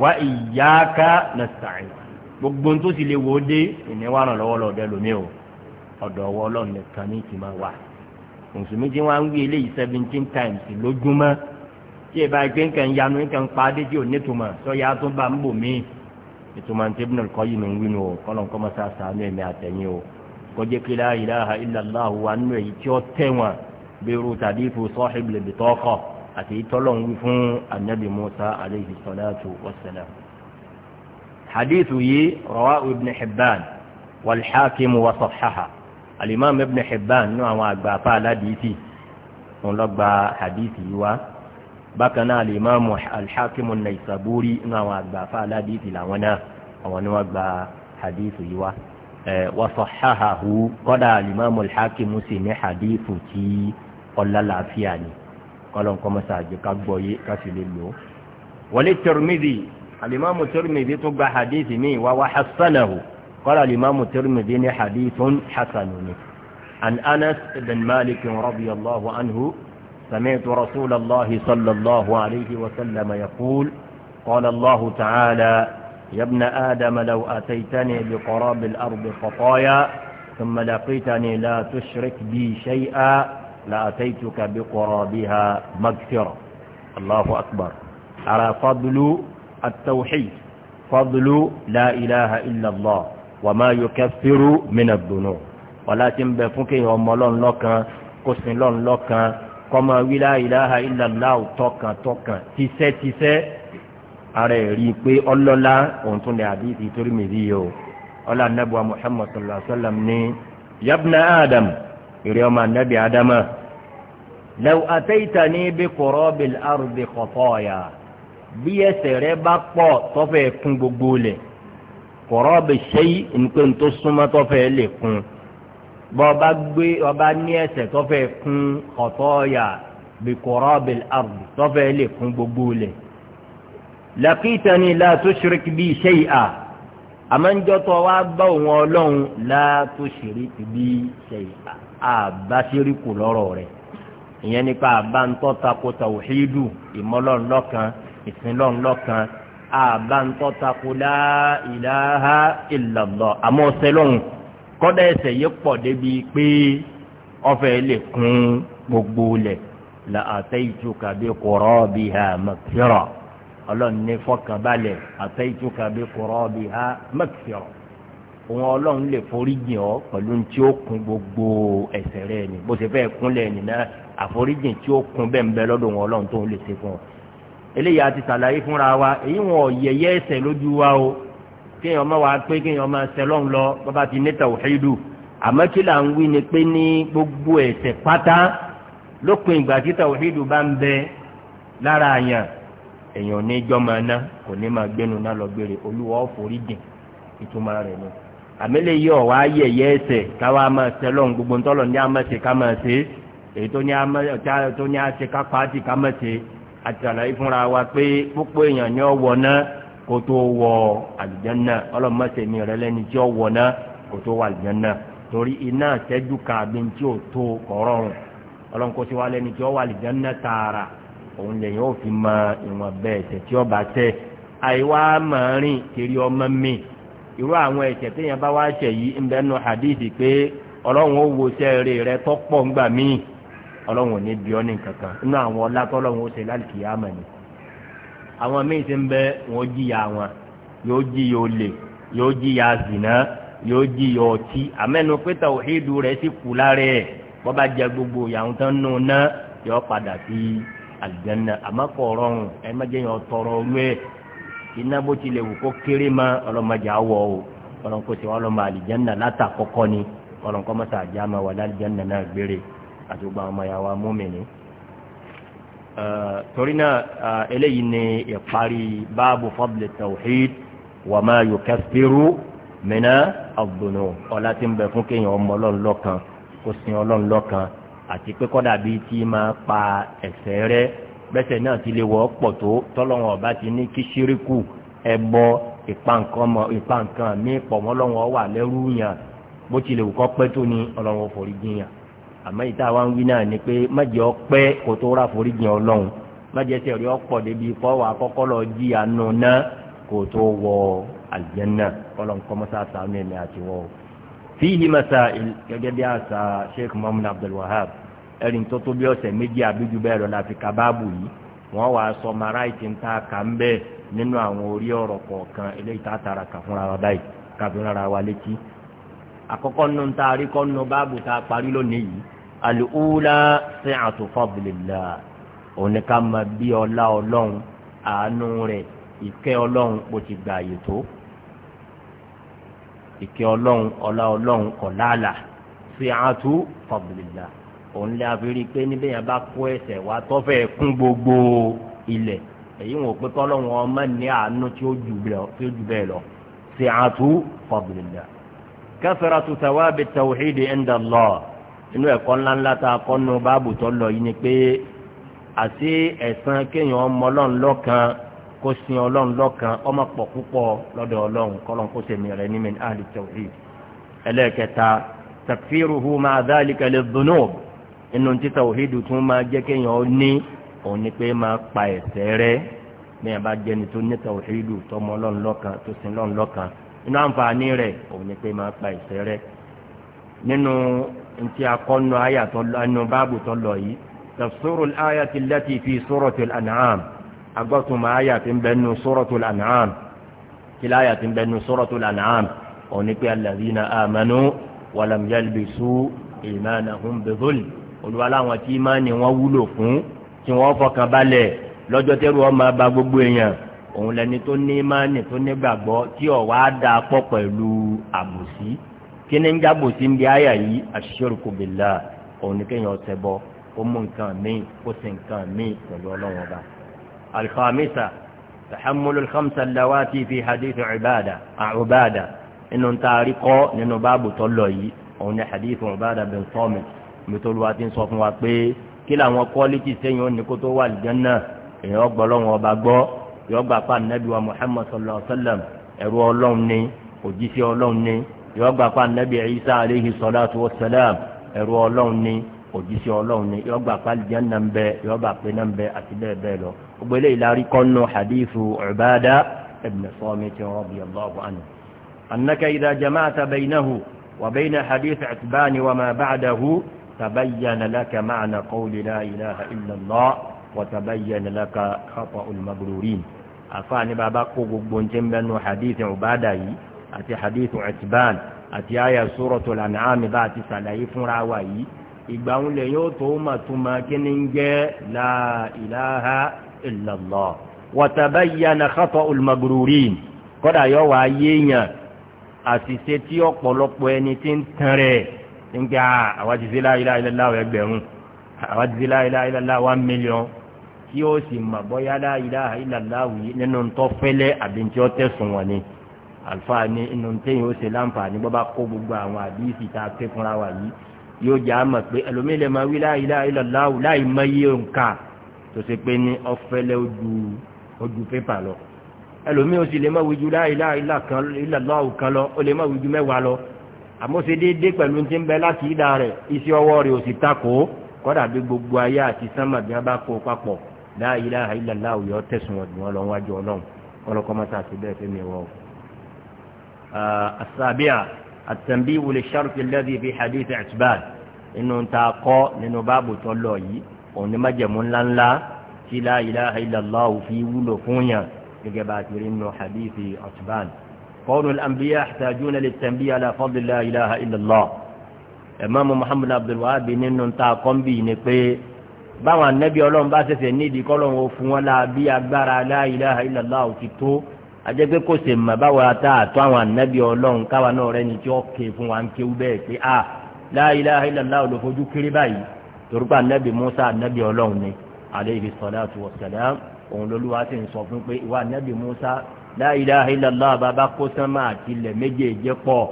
wá ìyá nà gbogbo tó sì lè wò ó dé ìní wà ràn lọ́wọ́ lọ́dẹ o ọ̀dọ̀ nìkan ní ti máa wà mùsùlùmí tí wọ́n á ń wí eléyìí seventeen times lójúmọ́ tí yanu pa tí ò ní ìtumọ̀ ntẹ́ Ibn al-Qayyim mi ń wí nu o kọ́lọ̀ nǹkan mọ́ sáà sàánú ẹ̀mí àtẹ̀yìn o kọjá pé la ilaha illallah wa nínú èyí tí ó tẹ̀wọ̀n bẹ́ẹ̀rù tàbí ìfò sahib al-bitaqa àti ìtọ́lọ̀ ń wí fún anabi Musa alayhi salatu wa salam. hadithu yìí rawahu Ibn Hibban wal wa sahhaha al Ibn Hibban nínú àwọn àgbà afá aládìísì òun lọ gba hadithu yìí wá bákan náà al-Imam al-Hakim an-Naysaburi inú àwọn àgbàfà aládìsí làwọn náà àwọn ni wọ́n gba hadith yìí wá wa sahhahahu kọ́dà al-Imam al-Hakim sì ní hadith tí ọ̀la ni kọ́lọ́n kọ́mọ́sá àjẹ ká gbọ́ yé ká sì lè lò ó. wọlé Tirmidhi al-Imam tó gba hadith míì wá wá hasanahu قال الإمام الترمذي حديث حسن عن أنس بن مالك رضي الله عنه سمعت رسول الله صلى الله عليه وسلم يقول قال الله تعالى يا ابن آدم لو أتيتني بقراب الأرض خطايا ثم لقيتني لا تشرك بي شيئا لأتيتك بقرابها مغفرة الله أكبر على فضل التوحيد فضل لا إله إلا الله وما يكفر من الذنوب ولكن بفكه وملون لك قسم لون لك kọ́mọ wílá ìlàhà ìlàláwù tọkàntọkàn tìṣẹ́tìṣẹ́ ara ẹ̀ rí i pé ọlọ́lá òun tún lè àbí ìtorí mi rí o ọlá nàbùwà muhammad sallallahu alayhi wa sallam ní yabna adam ìrẹ́ ọmọ anabi adama lẹ́wọ́ àtẹ́yìntà ní bí kọ̀rọ̀ bìl arúgbó kọ̀tọ́ ọ̀yà bí ẹsẹ̀ rẹ bá pọ̀ tọ́fẹ̀ẹ́ kún gbogbo lẹ̀ kọ̀rọ̀ bìl ṣẹ́yí nǹkan tó súnmọ́ tọ́fẹ̀ẹ́ lè kún bọ́ọ̀bá gbé ọba ní ẹsẹ̀ tọ́fẹ́ kún ọ̀tọ́ọ̀yà bìkọ́rọ́bìl ard tọ́fẹ́ lè kún gbogbo lẹ̀. làkìtàní la tushrik bí shay'a àmọ́njọ́tọ̀ wa bá òun ọlọ́run la tushrik bí shay'a àbáṣiríkù lọ́rọ̀ rẹ̀ ìyẹn nípa àbáńtọ́ tako tawhidu ìmọ́lọ́nlọ́kan ìsinlọ́nlọ́kan àbáńtọ́ tako la ilaha àmọ́ ọ̀sẹ̀ lọ́run kọ́dà ẹsẹ̀ yìí pọ̀ débi pé ọfẹ́ lè kún gbogbo lẹ̀ la àtẹ̀yìtú kàbí kọ̀rọ̀ bí ha mẹ́kìrọ̀ ọlọ́run ní fọkànbalẹ̀ àtẹ̀yìtú kàbí kọ̀rọ̀ bí ha mẹ́kìrọ̀ òun ọlọ́run lè foríjìn ọ pẹ̀lú tí ó kún gbogbo ẹsẹ̀ rẹ ni bó ṣe fẹ́ kúnlẹ̀ nìyẹn àforíjìn tí ó kún bẹ́ẹ̀ ń bẹ lọ́dọ̀ òun ọlọ́run tó ń lè ṣe fún ọ eléyìí a ti fúnra wa èyí wọn ò yẹyẹ ẹsẹ̀ lójú wa o kéèyàn máa wá pé kéèyàn máa sẹlọ́n lọ bàbá ti ní tàwùhídù àmọ́ kí là ń wí ni pé ní gbogbo ẹ̀ṣẹ̀ pátá lópin ìgbà tí tàwùhídù bá ń bẹ lára àyàn èèyàn ní jọmọ ná kò ní máa gbénu ná lọ gbére olúwa ọ̀fọ̀rí dìn ìtumọ̀ rẹ̀ ni àmẹ́lẹ̀ yìí ọ̀wá yẹ̀yẹ́ ẹ̀ṣẹ̀ káwa máa sẹlọ́n gbogbo ńtọ́lọ̀ ní àmọ́ṣe ká máa ṣe èyí tó ní àṣe ká pàtì ká máa ṣe kó tó wọ àlìjánná ọlọ́mọ́sẹ̀mí rẹ lẹ́ni tí ó wọ̀ náà kó tó wọ àlìjánná torí iná àtẹ́jú kàbí tí ó tó kọ́rọ́rùn ọlọ́nkọ́ wa lẹ́ni tí ó wọ àlìjánná tààrà òun fi mọ ìwọ̀n bẹ́ẹ̀ tí ó bá mọ̀ọ́rìn kiri ọmọ mi irú àwọn rẹ tọ́pọ̀ ńgbà míì ọlọ́run ò ní ní inú àwọn àwọn míì ti ń bẹ wọn jìyà wọn yóò jìyà olè yóò jìyà zìnà yóò jìyà ọtí àmẹ́nu pé tàwíìdù rẹ̀ sì kú lára ẹ̀ wọ́n bá jẹ gbogbo ìyàwó tán nù ná yọ padà sí àlùjánnà àmọ́ kò rọrùn ẹ má jẹ́ yàn tọrọ olú ẹ̀ iná bó tilẹ̀ wù kó kéré ma ọlọ́mọdé awọ o ọlọ́nkó sì wọ́n lọ́mọ àlùjánnà látàkọ́kọ́ ni ọlọ́nkọ́ mọ́tà àjàmọ́ wà lálùjánnà náà gbére àti gbogbo àwọn ọmọ yà wà mùmínì torí náà eléyìí ni ìparí báàbù fadli tawhid wa ma yukaffiru mina àgbònà ọ̀la tí ń bẹ fún kéèyàn ọmọ ọlọ́run lọ́kan kó sin ọlọ́run lọ́kan àti pé kọ́dà bíi tí máa pa ẹ̀ṣẹ̀ rẹ bẹ́sẹ̀ náà ti lè wọ́ pọ̀ tó tọ́lọ́wọ́n ọba ti ní kí ṣíríkù ẹbọ ìpa mi pọ̀ mọ́ ọlọ́run ọ wà lẹ́rú bó tilẹ̀ wù kọ́ pẹ́ tó ní ọlọ́run ò forí àmọ́ ìta wa ń wí náà ni pé májẹ̀ ọpẹ́ kò tó rà foríjìn ọlọ́run májẹ̀ tí ọ̀rẹ́ ọ̀pọ̀ débi kọ́ wà kọ́kọ́ lọ jí àánú náà kò tó wọ àlùjànnà kọ́lọ́n kọ́mọ́sá sàánú ẹ̀mí àti wọ́ o. fíìhì masa bí àṣà sheikh muhammed abdulwahab ẹ̀rìn tó tó bí ọ̀sẹ̀ méjì àbíjú bẹ́ẹ̀ lọ láti kábàbù yìí wọ́n wàá sọ maraiti ń ta kà ń bẹ́ẹ̀ nínú àwọn orí ọ̀rọ̀ kọ̀ọ̀kan eléyìí tá a tara kà fúnra wa báyìí kà fúnra wa létí. àkọ́kọ́ nù ta àríkọ́ nù báàbù tá a parí lónìí yìí alùúlà si'atu fadlillah òníkà mọ bí ọlá ọlọ́run àánú rẹ̀ ìkẹ́ ọlọ́run kò ti gbà àyè tó ìkẹ́ ọlọ́run ọlá ọlọ́run kọ̀ láàlà si'atu fadlillah òun lè àfẹ́rí pé níbẹ̀ yẹn bá kó ẹsẹ̀ wá tọ́fẹ̀ kún gbogbo ilẹ̀ èyí wọn ò pé kọ́lọ́run ọmọ ní àánú tí ó jù bẹ́ẹ̀ lọ si'atu fadlillah kathratu thawabi tawhidi inda inú ẹ̀kọ́ ńláńlá tá a kọ́ nu báàbù tó lọ yìí ni pé àti ẹ̀san kéèyàn ọmọ ọlọ́run lọ́kan kó sin ọlọ́run lọ́kan ọmọ pọ̀ púpọ̀ lọ́dọ̀ ọlọ́run kọ́lọ́n kó sèmi rẹ̀ ní min ahli tawhid ẹlẹ́ẹ̀kẹta takfiruhu máa dhalika lidhunub inú tí tawhid tún máa jẹ́ kéèyàn ní òun ni pé máa pa ẹ̀ṣẹ̀ rẹ̀ bẹ́ẹ̀ bá jẹni tó ní tawhid tọmọ ọlọ́run lọ́kan tó sin ọlọ́run lọ́kan inú àǹfààní rẹ̀ òun ni pé máa pa ẹ̀ṣẹ̀ rẹ̀ nínú ntí akọ́nu ayàtọ̀ ẹnu báàbù tó lọ yìí tafsirul ayati allati fi suratul an'am agbọ́tùmọ̀ ayàtì ń bẹnu suratul an'am kìlá ayàtì ń bẹnu suratul an'am òní pé alladhina amanu walam yalbisu imanahum bidhul olùwà láwọn tí ìmánì wọn wúlò fún tí wọn fọkàn balẹ̀ lọ́jọ́ tẹ́rù wọn máa ba gbogbo èèyàn òun lẹni tó ní ìmánì tó ní gbàgbọ́ tí ọ̀ wá dáa pọ̀ pẹ̀lú àbòsí kí ni ń jábò sí ń bí àyà yìí àṣírùkù bìlà òun ni kéèyàn ọ̀sẹ̀ bọ ó mú nǹkan míì ó sì nǹkan míì pẹ̀lú ọlọ́run ọba. alifamisa tahammulu alhamsa lawati fi hadith ibada ubada inú ń taari kọ́ nínú báàbù tó lọ yìí òun ni hadith ubada bin samit mitoluwa ti ń sọ fún wa pé kí làwọn kọ́lítì sẹ́yìn ó kó tó wà lìjánná èèyàn gbọ́ ọlọ́run ọba gbọ́ yọgbà yọ gbà pa nàbì Isa aleyhi salatu wa salam ẹrú ọlọ́run ni òjíṣẹ́ ọlọ́run ni yọ gbà pa aljanna ń bẹ yọ gbà pé náà ń bẹ àti bẹ́ẹ̀ bẹ́ẹ̀ lọ gbogbo eléyìí la rí kọ́nù hadithu Ubada ibn Samit radiyallahu anhu annaka idha jama'ta baynahu wa bayna hadith Itban wa ma ba'dahu تبين لك معنى قول لا إله إلا الله وتبين لك خطأ المبرورين أفاني بابا قوق بنتم بأنه حديث عبادة àti hadithu ẹ̀tìbán àti àyà suratul an'am bá àti sàlàyé fúnra wa yìí ìgbà ń lè yóò tó mà túmọ̀ kí ni ń jẹ́ la ilaha illallah wa tabayyana khata'ul maghrurin kọ́dà yọ wá yéèyàn àṣìṣe tí ọ̀pọ̀lọpọ̀ ẹni tí ń tan rẹ̀ ń àwọn ti ṣe la ilaha illallah ẹgbẹ̀rún àwọn ti ṣe la ilaha illallah one million kí ó sì mà bọ́yá la ilaha illallah yìí nínú tó àbí tí ó tẹ̀sùn wọn ni àǹfààní inú téyìn ó ṣe láǹfààní bọ́ bá kó gbogbo àwọn àdìsí tá a ké fúnra wa yìí yóò jẹ́ àmọ̀ pé ẹlòmíì lè máa wí la ilaha illallah láì mọyé nǹka tó ṣe pé ní ọ̀fẹ́lẹ́ ojú ojú pépà lọ ẹlòmíì ó sì lè máa wí ju la ilaha illallah kan lọ ó lè máa wí ju mẹ́wàá lọ àmọ́ ṣe déédéé pẹ̀lú ti ń bẹ láti ìdá rẹ̀ iṣẹ́ ọwọ́ rẹ̀ ò sì takò kọ́dà bí gbogbo ayé àti sánmà bí wọ́n bá kó papọ̀ la ilaha illallah yọ tẹ̀sùn ọ̀dùn ọlọ́run wájú ọlọ́run ọlọ́kọ́ mọ́ta àti bẹ́ẹ̀ fẹ́mi wọ́n o. السابعة التنبيه للشرط الذي في حديث عتبان إنه انت قو لأنه باب تولوي ونمجم لن لا لا إله إلا الله في ولفونيا لقبات إنه حديث عتبان قول الأنبياء يحتاجون للتنبيه على فضل لا إله إلا الله إمام محمد عبد الوهاب إنه انت قم به نقي báwọn anẹ́bí ọlọ́run bá sẹ̀sẹ̀ nídìí kọ́lọ́run ó fún wọn láà bí agbára la ilaha illallah ti tó ajẹ́ pé kò sì mọ̀ báwo ta àtọ́ àwọn ànábì ọlọ́run káwa náà rẹ ni tí ó ké fún wa ń kéwú bẹ́ẹ̀ pé a ah, la ilaha illallah olùfojú kiri báyìí torúkọ ànábì Musa ànábì ọlọ́run ni alayhi salatu wassalam òun lolúwa sì ń sọ fún pé ìwà ànábì Musa la ilaha illallah bàbá kó sánmà àti ilẹ̀ méjèèjì pọ̀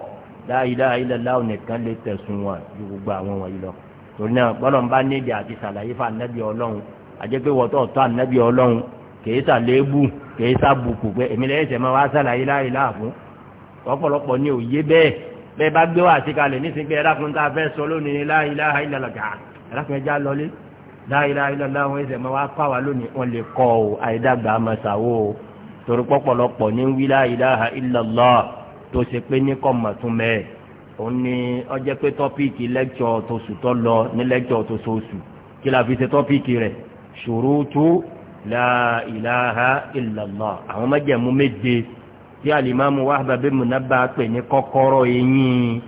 la ilaha illallah nìkan lè tẹ̀sùn wọn ju gbogbo àwọn wọ̀nyí lọ kìí sábùkù pé èmi lẹ́yìn tẹ̀ máa wá sàlàyé láàyè láàfún ọ̀pọ̀lọpọ̀ ni òye bẹ́ẹ̀ bẹ́ẹ̀ bá gbé wá àtikalẹ̀ nísìnyí pé ẹ̀dákun tá a fẹ́ sọ lónìí la ilaha illallah ẹ̀dákun ẹja lọlé la ilaha illallah wọn ẹsẹ̀ máa wá kọ́ àwa lónìí wọn lè kọ́ ọ àìdàgbà àmàṣàwò torí pọ̀pọ̀lọpọ̀ ní wí la ilaha illallah tó ṣe pé ní kọ́mọ̀túnmẹ́ òun la ilaha illallah àwọn májẹ̀mú méje tí alimamu wahba bin munabba pè ní kọ́kọ́rọ́ eyín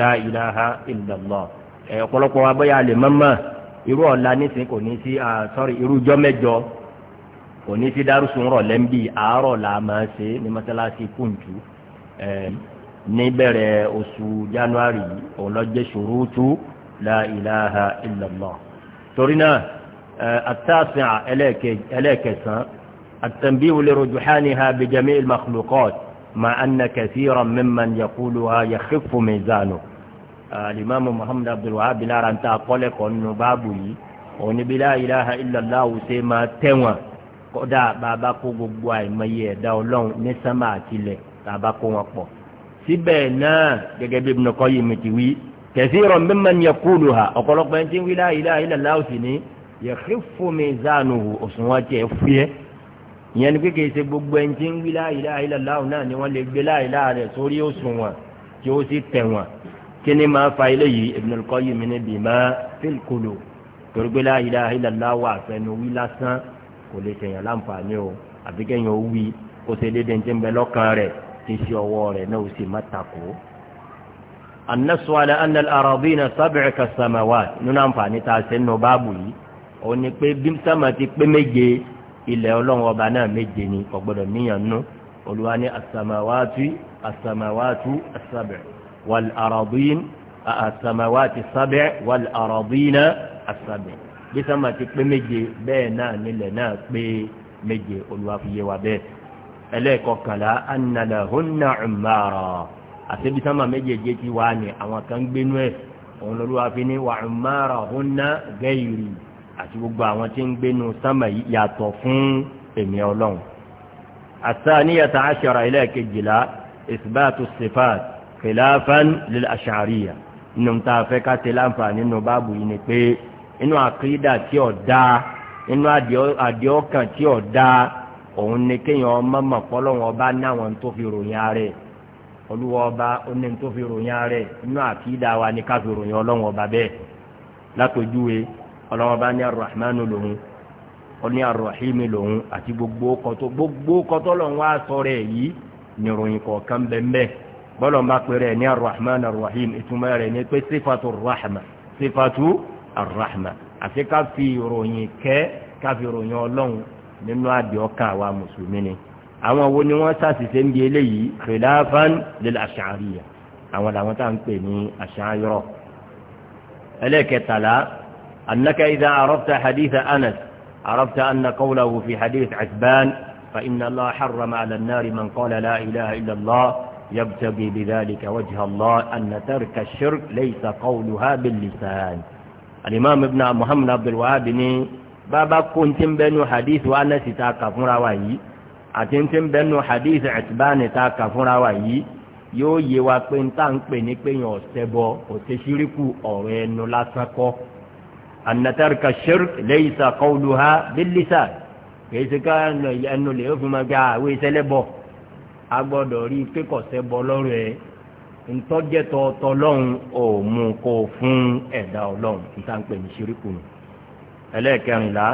la ilaha illallah ẹ̀ ọ̀pọ̀lọpọ̀ wa bóyá lè mọ́mọ́ irú ọ̀la nísìn kò ní sí ah, sọ́rí irújọ́ mẹ́jọ kò ní sí dárúsùn rọ̀ lẹ́ńbì àárọ̀ là máa ṣe ní mọ́sálásí kùnjú níbẹ̀rẹ̀ oṣù january ọlọ́jẹ́ ṣòro tú la ilaha torí náà. التاسعة إليكسا التنبيه لرجحانها بجميع المخلوقات مع أن كثيرا ممن يقولها يخف ميزانه الإمام محمد عبد الوهاب لا رأنت أقولك أنه بابي ونبي لا إله إلا الله سيما تنوى kódà bàbá kó gbogbo àìmọye ẹ̀dá ọlọ́run ní sánmà àtìlẹ̀ bàbá kó wọn pọ̀ síbẹ̀ náà gẹ́gẹ́ bí ibùdókọ́ yìí mi ti wí kẹ̀sí rọ̀ mímọ́ ni ẹ̀kúlù ha ọ̀pọ̀lọpọ̀ ẹni tí ń wí láàyè láàyè làlá òsì ní yakhiffu mizanuhu òṣùwọ̀n tiẹ̀ fúyẹ́ ìyẹn ni pé kìí ṣe gbogbo ẹni tí ń wí la ilaha illallah náà ni wọ́n lè gbé la ilaha rẹ̀ sórí òṣùwọ̀n tí ó sì tẹ̀wọ̀n kí ni máa fa ilé yìí Ibn al-Qayyim ní bima fil qulub torí pé la ilaha illallah wà fẹnu wí lásán kò lè tẹ̀yàn láǹfààní o àbí kẹ́yìn ó wí kó ṣe déédéé ní ti ń bẹ lọ́kàn rẹ̀ kí ṣe ọwọ́ rẹ̀ náà ó sì má takò ó annasu ala anna al-aradina sab'a ka samawat nuna òun ni pé bí sámà ti pé méje ilẹ̀ ọlọ́run ọba náà méje ni kò gbọ́dọ̀ níyàn nú olúwa ní asàmàwátú asàmàwátú asàbẹ̀ wàl àràbín asàmàwátú sàbẹ̀ wàl àràbínà asàbẹ̀ bí sámà ti pé méje bẹ́ẹ̀ náà nílẹ̀ náà pé méje olúwa fi yé wa bẹ́ẹ̀ ẹlẹ́ẹ̀kọkànlá annalahunna umara àti bí sámà méjèèjì ti wá ní àwọn kan gbénú ẹ̀ òun lọ́lọ́wà àti gbogbo àwọn tí ń gbénu sánmà yìí yàtọ̀ fún èmi ọlọ́run àtàníyàtà àṣàrà ilé kejìlá ìsìbáàtú sifat khilafan lil ashariya nínú tá a fẹ́ ká ṣe láǹfààní nínú báàbù yìí ni pé inú àkídà tí ò dáa inú àdìọ́kàn tí ò dáa òun ni kéèyàn ọmọ mọ̀pọ́lọ́wọ́n ọba náwọn tó fi ròyìn ààrẹ olúwa ọba ó ní tó fi ròyìn ààrẹ inú àkídà wa ni ká fi ròyìn ọlọ́wọ́n ọba bẹ́ẹ̀ látòjúwe ọlọ́wọ́n bá ní arahmanu lòun ó ní arahimi lòun àti gbogbo kọtọ gbogbo kọtọ lòun wá sọ rẹ yìí níròyìn kọ̀ọ̀kan bẹ́ẹ̀ bọ́lọ̀ máa pèrè ní arahman arahim ìtumọ̀ rẹ̀ ní pé sífàtú rahma sífàtú arahma àti ká fi ìròyìn kẹ́ ká fi ìròyìn ọlọ́run nínú àdìọ́kà wa mùsùlùmí ni àwọn wo ni wọ́n sàṣìṣe ń di eléyìí khilafan lil ash'ariyya àwọn làwọn tá à ń pè ní ash'ariyya ẹlẹ́kẹtàlá أنك إذا عرفت حديث أنس عرفت أن قوله في حديث عتبان فإن الله حرم على النار من قال لا إله إلا الله يبتغي بذلك وجه الله أن ترك الشرك ليس قولها باللسان الإمام ابن محمد عبد الوهاب بابا كنت بين حديث أنس تاكفون روايه àti بين حديث ń bẹnu hadith ẹ̀tìbáni ta kà fúnra wa yìí yóò yé wa pé ń tà ń pè ní pé yàn ọ̀rọ̀ ẹnu lásán kọ́ ànàtàríkà shirk laysa qawluha bil-lisan kìí ṣe ká ẹnu lè fi máa gba àwọn ìṣẹ̀lẹ̀ bọ̀ a gbọ́dọ̀ rí kékọ̀ọ́sẹ́ bọ lọ́rọ̀ ẹ̀ ntọ́jẹ́tọ̀ tọlọ́hún ò mú kó fún ẹ̀dá ọlọ́hún níta ń pè ní ṣíríkù nù ẹlẹ́ẹ̀kẹrìnlá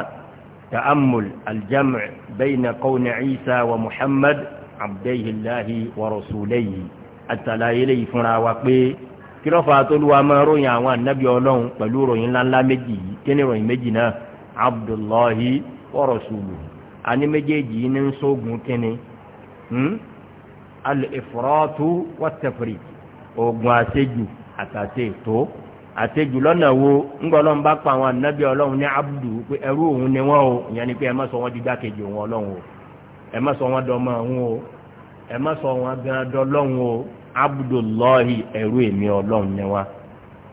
ta'ammul aljam' bayna qawni Isa wa Muhammad abdayhillahi wa rasulihi àtàlàyé lè fúnra wa pé kí ló fà á tóluwa máa ròyìn àwọn ànábì ọlọ́run pẹ̀lú ròyìn ńláńlá méjì yìí na ròyìn méjì náà abdullahi wa rasuluhu àní méjèèjì yìí ní sógun kíni hmm? al-ifratu ogun àṣejù àtàṣe ètò àṣejù lọ́nà wo ńgbọ́lọ́n bá pa àwọn ànábì ọlọ́run ní abdu pé ẹrú òun ni wọ́n o ìyẹn ni pé ẹ má sọ abdullahi ẹ̀rú èmi ọlọ́run ni wa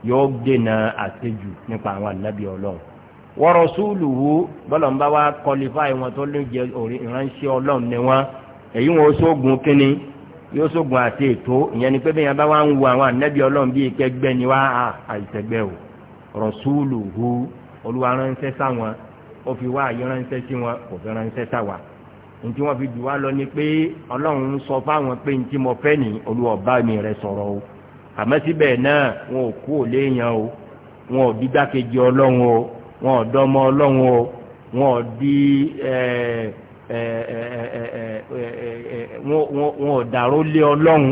yóò dènà àṣejù nípa àwọn ànábì ọlọ́run wọ́rọ̀ súùlù wo bọ́lọ̀ ń bá wa kọlifáì wọn tó ló jẹ ìránṣẹ́ ọlọ́run ni wọn èyí wọn sógun kínní yóò sógun àti ètò ìyẹn ni pé bí yẹn bá wà ń wo àwọn ànábì ọlọ́run bíi kẹgbẹ́ ni wá àìsẹ̀gbẹ́ o rọ̀súùlù hu olúwa ránṣẹ́ sáwọn ó fi wá àyè ránṣẹ́ sí wọn kò fi ránṣẹ́ sáwà ntí wọ́n fi dù wá lọ ni pé ọlọ́run ń sọ fáwọn pé ntí mo fẹ́ ní olùwọ̀bá mi rẹ sọ̀rọ̀ o àmọ́ síbẹ̀ náà wọn ò kú òlé yẹn o wọn ò di dákejì ọlọ́run o wọn ò dọ́mọ ọlọ́run o wọn ò di wọn ò dàrú lé ọlọ́run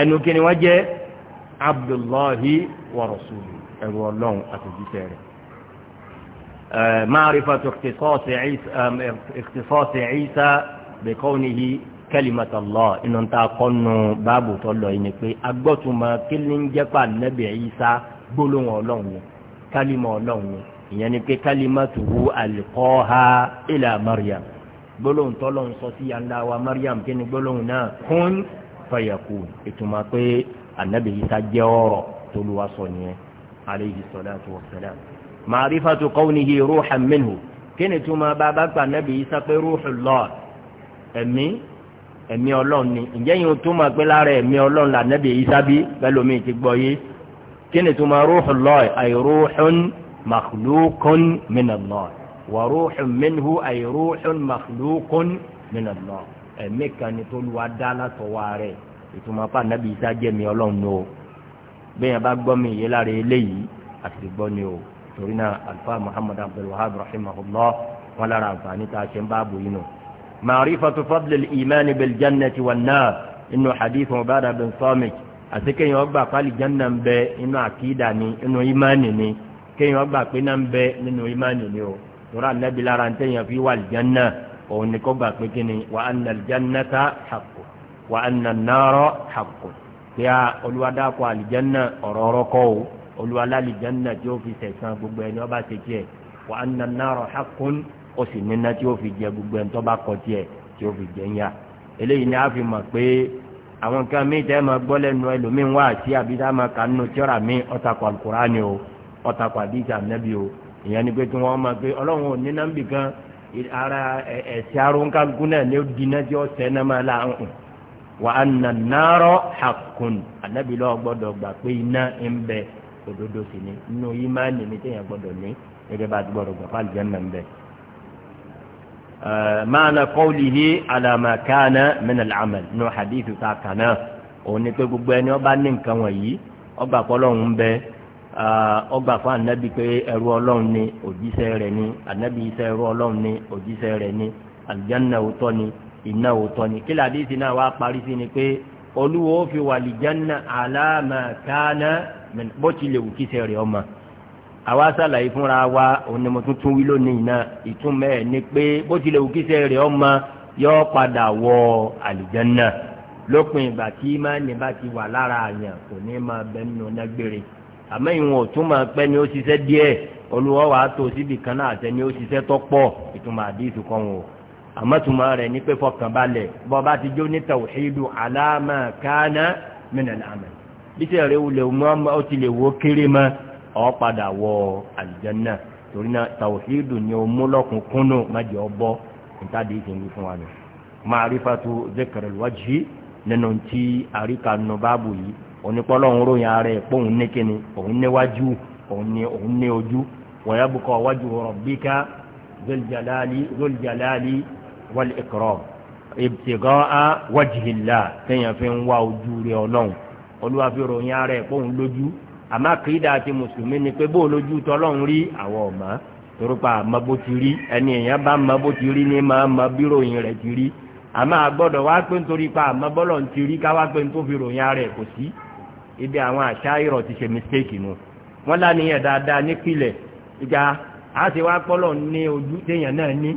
ẹnu kí ni wọ́n jẹ́ abdullahi wa rasuluhu ẹ̀rù ọlọ́run àtòjíṣẹ́ rẹ̀. معرفة اختصاص عيسى اختصاص عيسى بكونه كلمة الله إن أنت أقن باب طلع إنك أقبط ما كل جفا النبي عيسى قولوا الله كلمة الله يعني كلمته ألقاها إلى مريم gbólóhùn tọ́lọ́ ń sọ sí كن wa mariam فيكون ni gbólóhùn náà kún fàyàkù ìtumọ̀ pé anabi yìí ma'rifatu قونه ruhan منه. kí ما túmọ̀ النبي gbà روح الله. pé ruhullah ẹ̀mí ẹ̀mí ọlọ́run ni ǹjẹ́ yìí túmọ̀ pé lára ẹ̀mí ọlọ́run là nàbì Ìsá bí bẹ́lómi ti gbọ́ yé kí ni túmọ̀ ruhullah ay ruhun makhluqun minallah wa ruhun minhu ay ruhun makhluqun minallah ẹ̀mí kan ni tó lu wa dá látọwọ́ rẹ̀ ìtumọ̀ pa nàbì Ìsá jẹ́ mi ọlọ́run ni o bẹ́ẹ̀ bá gbọ́ mi yé lára eléyìí àti gbọ́ ni o torí náà alfa muhammad abdulwahab rahimahullah wọn lára àǹfààní tá a ṣe ń bá bò yín nù. ma'rifatu fadli al-iman bil jannati wan nar inú hadith Ubadah bin Samit àti kéèyàn ọgbà pálí janna ń bẹ inú àkídà ni inú ìmánì ni kéèyàn ọgbà pé náà ń bẹ nínú ìmánì ni o tora nabi lára ń tẹ̀yàn fi wà aljanna òun ni kó gbà pé kí wa anna aljannata haqqun wa anna an-nara kí a olùwádàkọ aljanna ọ̀rọ̀ ọ̀rọ̀ kọ́ o olúwa lálìjánná tí ó fi tẹ̀sán gbogbo ẹni ọba ṣe tiẹ̀ wà á nà náírà hakun ó sì níná tí ó fi jẹ gbogbo ẹni tó bá kọ tiẹ̀ tí ó fi jẹ ń yá eléyìí ni a fi mọ̀ pé àwọn kan mi tẹ́ ma gbọ́ lẹ́nu ẹlòmíín wá àti àbíta ma kà nínú tíọ́ra mi ọ̀tàkọ̀ alukurani o ọ̀tàkọ̀ àdìsí ànábì o ìyẹn ni pé tí wọ́n ma pé ọlọ́run ò ní nàmbì kan ara ẹ̀sẹ̀ arúgbó náà ní ó sẹ́ iná ń bẹ òdodo sì ni inú ìmánì mi téèyàn gbọ́dọ̀ ní gẹ́gẹ́ bá a ti gbọ́dọ̀ gbà fún àlùjánnà ń bẹ. maana qawlihi ala ma kana min al-amal nù hadithu ta kana òun ni pé gbogbo ẹni ọba ní nǹkan wọ̀nyí ọgbà pọ́lọ́hún ń bẹ ọgbà fún anabi pé ẹrú ọlọ́run ni òjíṣẹ́ rẹ̀ ni anabi iṣẹ́ ẹrú ọlọ́run ni òjíṣẹ́ rẹ̀ ni àlùjánnà òótọ́ ni iná òótọ́ ni kí làdíìsì náà wá parí sí ni pé olúwo fi wà lìjánná àlàmà kánà bó tilẹ̀ wù kíṣẹ́ rẹ̀ ọmọ àwa sàlàyé fúnra wa òun ni mo tún tún wí lónìí náà ìtumọ̀ ẹ̀ ni pé bó tilẹ̀ wù kíṣẹ́ rẹ̀ ọmọ yọ padà wọ àlìjánná lópin ìgbà tí imáni bá ti wà lára àyàn kò ní máa bẹ nínú nágbére àmọ́ ìwọ̀n òtún pẹ́ ni ó ṣiṣẹ́ díẹ̀ olùwọ́ wàá tó síbi kan náà àtẹ ni ó ṣiṣẹ́ tó pọ̀ ìtumọ̀ àdìsù kan wò àmọ́ ìtumọ̀ rẹ̀ ní pé fọkànbalẹ̀ bọ́ bá ti jó ní tàwùhídù aláàmà káánà mìnàlámà bí tí ẹ̀rẹ́ wulẹ̀ mọ́ ó ti lè wó kéré mọ́ ọ padà wọ àlùjánnà torí náà tàwọ̀fíìdù ni ó mú lọ́kùnkúnnù májè ọbọ̀ nítàdé ìṣèlú fún wa nù ma'rifatu dhikril wajhi nínú tí àríkà báàbù yìí onípọ́lọ́ ròyìn ara ẹ̀ pé òun ní kíni òun níwájú òun ní ojú wa yabqa wajhu rabbika dhul jalali dhul jalali wal ikram ibtigha'a wajhillah téèyàn fi ń wá ojú rẹ̀ ọlọ́run olúwa fi ròyìn ara ẹ̀ pòun lójú àmọ́ àkìdá àti mùsùlùmí ni pé bó lójú tọ́lọ́run rí àwọn ọ̀mà torípa àmọ́ bó ti rí ẹni èèyàn bá mọ bó ti rí ní máa mọ bí ròyìn rẹ̀ ti rí àmọ́ àgbọ́dọ̀ wá pé nítorí pa àmọ́ bọ́lọ̀ ń ti rí káwá pé nítorí fi ròyìn ara ẹ̀ kò sí ibi àwọn àṣà ìrọ̀ ti ṣe mistake nù wọ́n lánìyàn dáadáa nípìnlẹ̀ ìjà a ṣe wá pọ́lọ̀ ní ojú téèyàn náà ní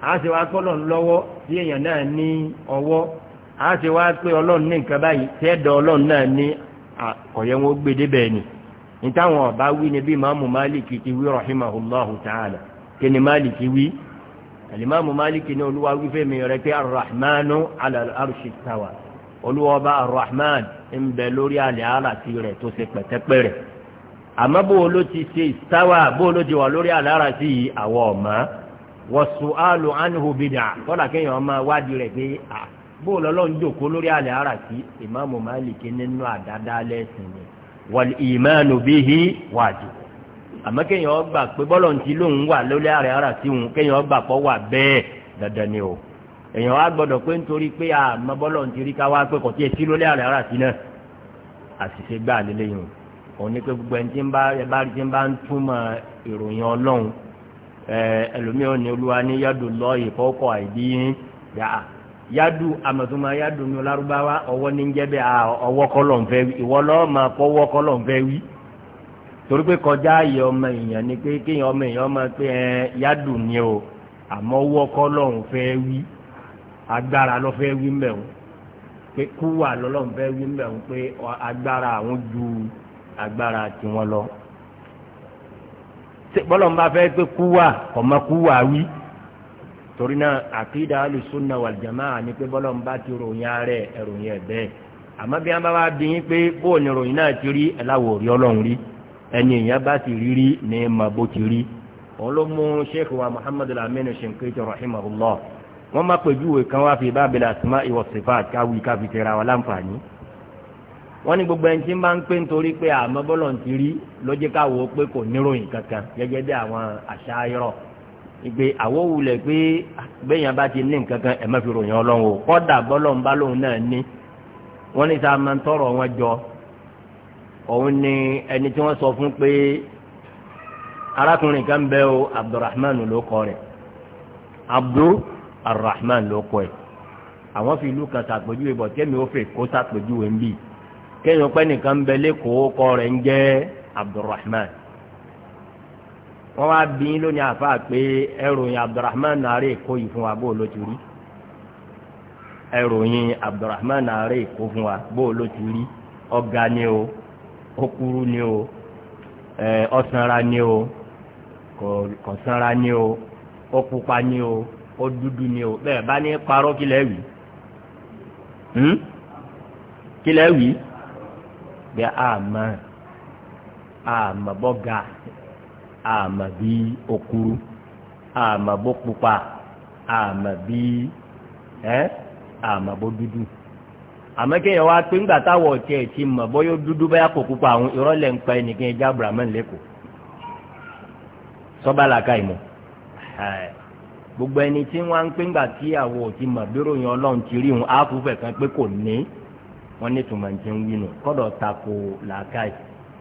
a ṣe wá pọ́lọ̀ lọ́wọ́ téèyàn náà ní ọwọ́ a ti wá pé ọlọ́run ní nǹkan báyìí tí ẹ̀dọ̀ ọlọ́run náà ní àkọ̀yẹ́ wọn ó gbé débẹ̀ ni nítawọn ọba wí ni bí ìmáàmù máàlìkì ti wí rahimahullahu ta'ala kí ni máàlìkì wí alimamu máàlìkì ní olúwa wí fẹ́mi rẹ pé arrahmanu ala tawa olúwa ọba arrahman ń bẹ lórí àlẹ́ àràtì rẹ̀ tó ṣe pẹ̀tẹ́pẹ́ àmọ́ bó o ló ti ṣe ìsáwà bó o ló ti wà lórí àlára sí àwọn ọ̀mọ́ wọ́n sùn áàlù ánìhù bìdà kọ́là kéèyàn máa wádìí rẹ̀ pé bó lọ́lọ́run jòkó lórí àlẹ́ ara sí ìmáàmù Málìkì nínú àdáda lẹ́sìn ni wal ìmánu bihi wajib àmọ́ kéèyàn ọgbà pé bọ́lọ̀ ti lóun wà lórí àlẹ́ ara sí òun kéèyàn ọgbà pọ̀ wà bẹ́ẹ̀ dandan ni o èèyàn wá gbọ́dọ̀ pé nítorí pé àmọ́ bọ́lọ̀ ti rí ká wá pé kò sí lórí àlẹ́ ara sí náà àṣìṣe gbà pé gbogbo ẹni tí ń bá ẹ bá yadu amaduma yadu larubawa Lárúbáwá ọwọ́ ní jẹbẹ ọwọ́ kọlọ nfẹ wí ìwọ lọọ máa kọ ọwọ́ kọlọ nfẹ wí torí pé kọjá ayé ọmọ èèyàn ni pé kéèyàn ọmọ èèyàn máa pé ẹ yadu ni o àmọ́ ọwọ́ kọlọ nfẹ wí agbára lọ fẹ wí mbẹ o pé kúwà lọlọrun fẹ wí mbẹ o pé agbára àwọn ju agbára tiwọn lọ bọlọmọba fẹ pé kúwà ọmọ kúwà wí torí náà àkídà alùsùnà wàlìjàmá ni pé bọ́lọ̀ ń bá ti ròyìn ààrẹ ẹ̀ròyìn ẹ̀bẹ́ àmọ́ bí wọ́n bá wá bí yín pé bóò ni ròyìn náà ti rí ẹ̀láwọ̀ rí ọlọ́run rí ẹni èèyàn bá ti rí rí ní ma bó ti rí òun ló mú sheikh wa muhammad al-amin shinkiti rahimahullah wọ́n má pèjúwe kan wá fi bábìlì asma iwọ sifat káwí káfi tẹ̀ra wa láǹfààní wọ́n ní gbogbo ẹni tí ń bá ń pè nítorí pé àmọ́ bọ́lọ̀ ti rí lójẹ́ káwọ́ pé kò níròyìn kankan gẹ́gẹ́ bí àwọn àṣà ayọ́rọ̀ ìgbé àwòwù lẹ̀ pé gbẹ̀yìn ah, bá ti ní nǹkan kan ẹ̀ má fi ròyìn ọlọ́run o kọ́dà bọ́lọ́n bá lóun náà ní wọ́n ní sáà máa ń tọrọ wọn jọ òun ni ẹni tí wọ́n sọ fún pé arákùnrin kan bẹ́ o abdulrahman ló kọ rẹ̀ abdulrahman ló kọ ẹ̀ àwọn fi ìlú kan sàpèjúwe bọ̀ tẹ́mi ó fè kó sàpèjúwe ń bì kéèyàn pẹ́ nìkan bẹ lẹ́kọ̀ọ́ kọ rẹ̀ ń jẹ́ abdulrahman. wọ́n wá bí yín lónìí àfáà pé ẹròyìn abdulrahman nàárẹ èkó yìí fún wa bó ló ti rí ẹròyìn abdulrahman ọ̀gá ni o okuru ni o ọ̀sánra ni o kọ̀sánra ni o ni o ọ̀dúdú ni o bẹ́ẹ̀ bá ní parọ́ kí àmà bí okuru àmà bó pupa àmà bí ẹ àmà bó dúdú àmọ́ kéèyàn wá pé ńgbà táwọ̀ ọ̀tí ẹ̀ ti mọ̀ bóyá dúdú bóyá kò pupa àwọn ìrọ̀lẹ́ ń pa ẹnìkan ẹja abrahamu lẹ́kọ̀ọ́ sọ́ba làkà ìmọ̀ gbogbo ẹni tí wọ́n ń pé ńgbà tí àwọ̀ ọ̀tí mọ̀ bírò yẹn ọlọ́run ti rí òun áfúfẹ̀ kan pé kò ní wọ́n ní tùmọ̀ ní ti ń wí nù kọ́dọ̀ tako làkà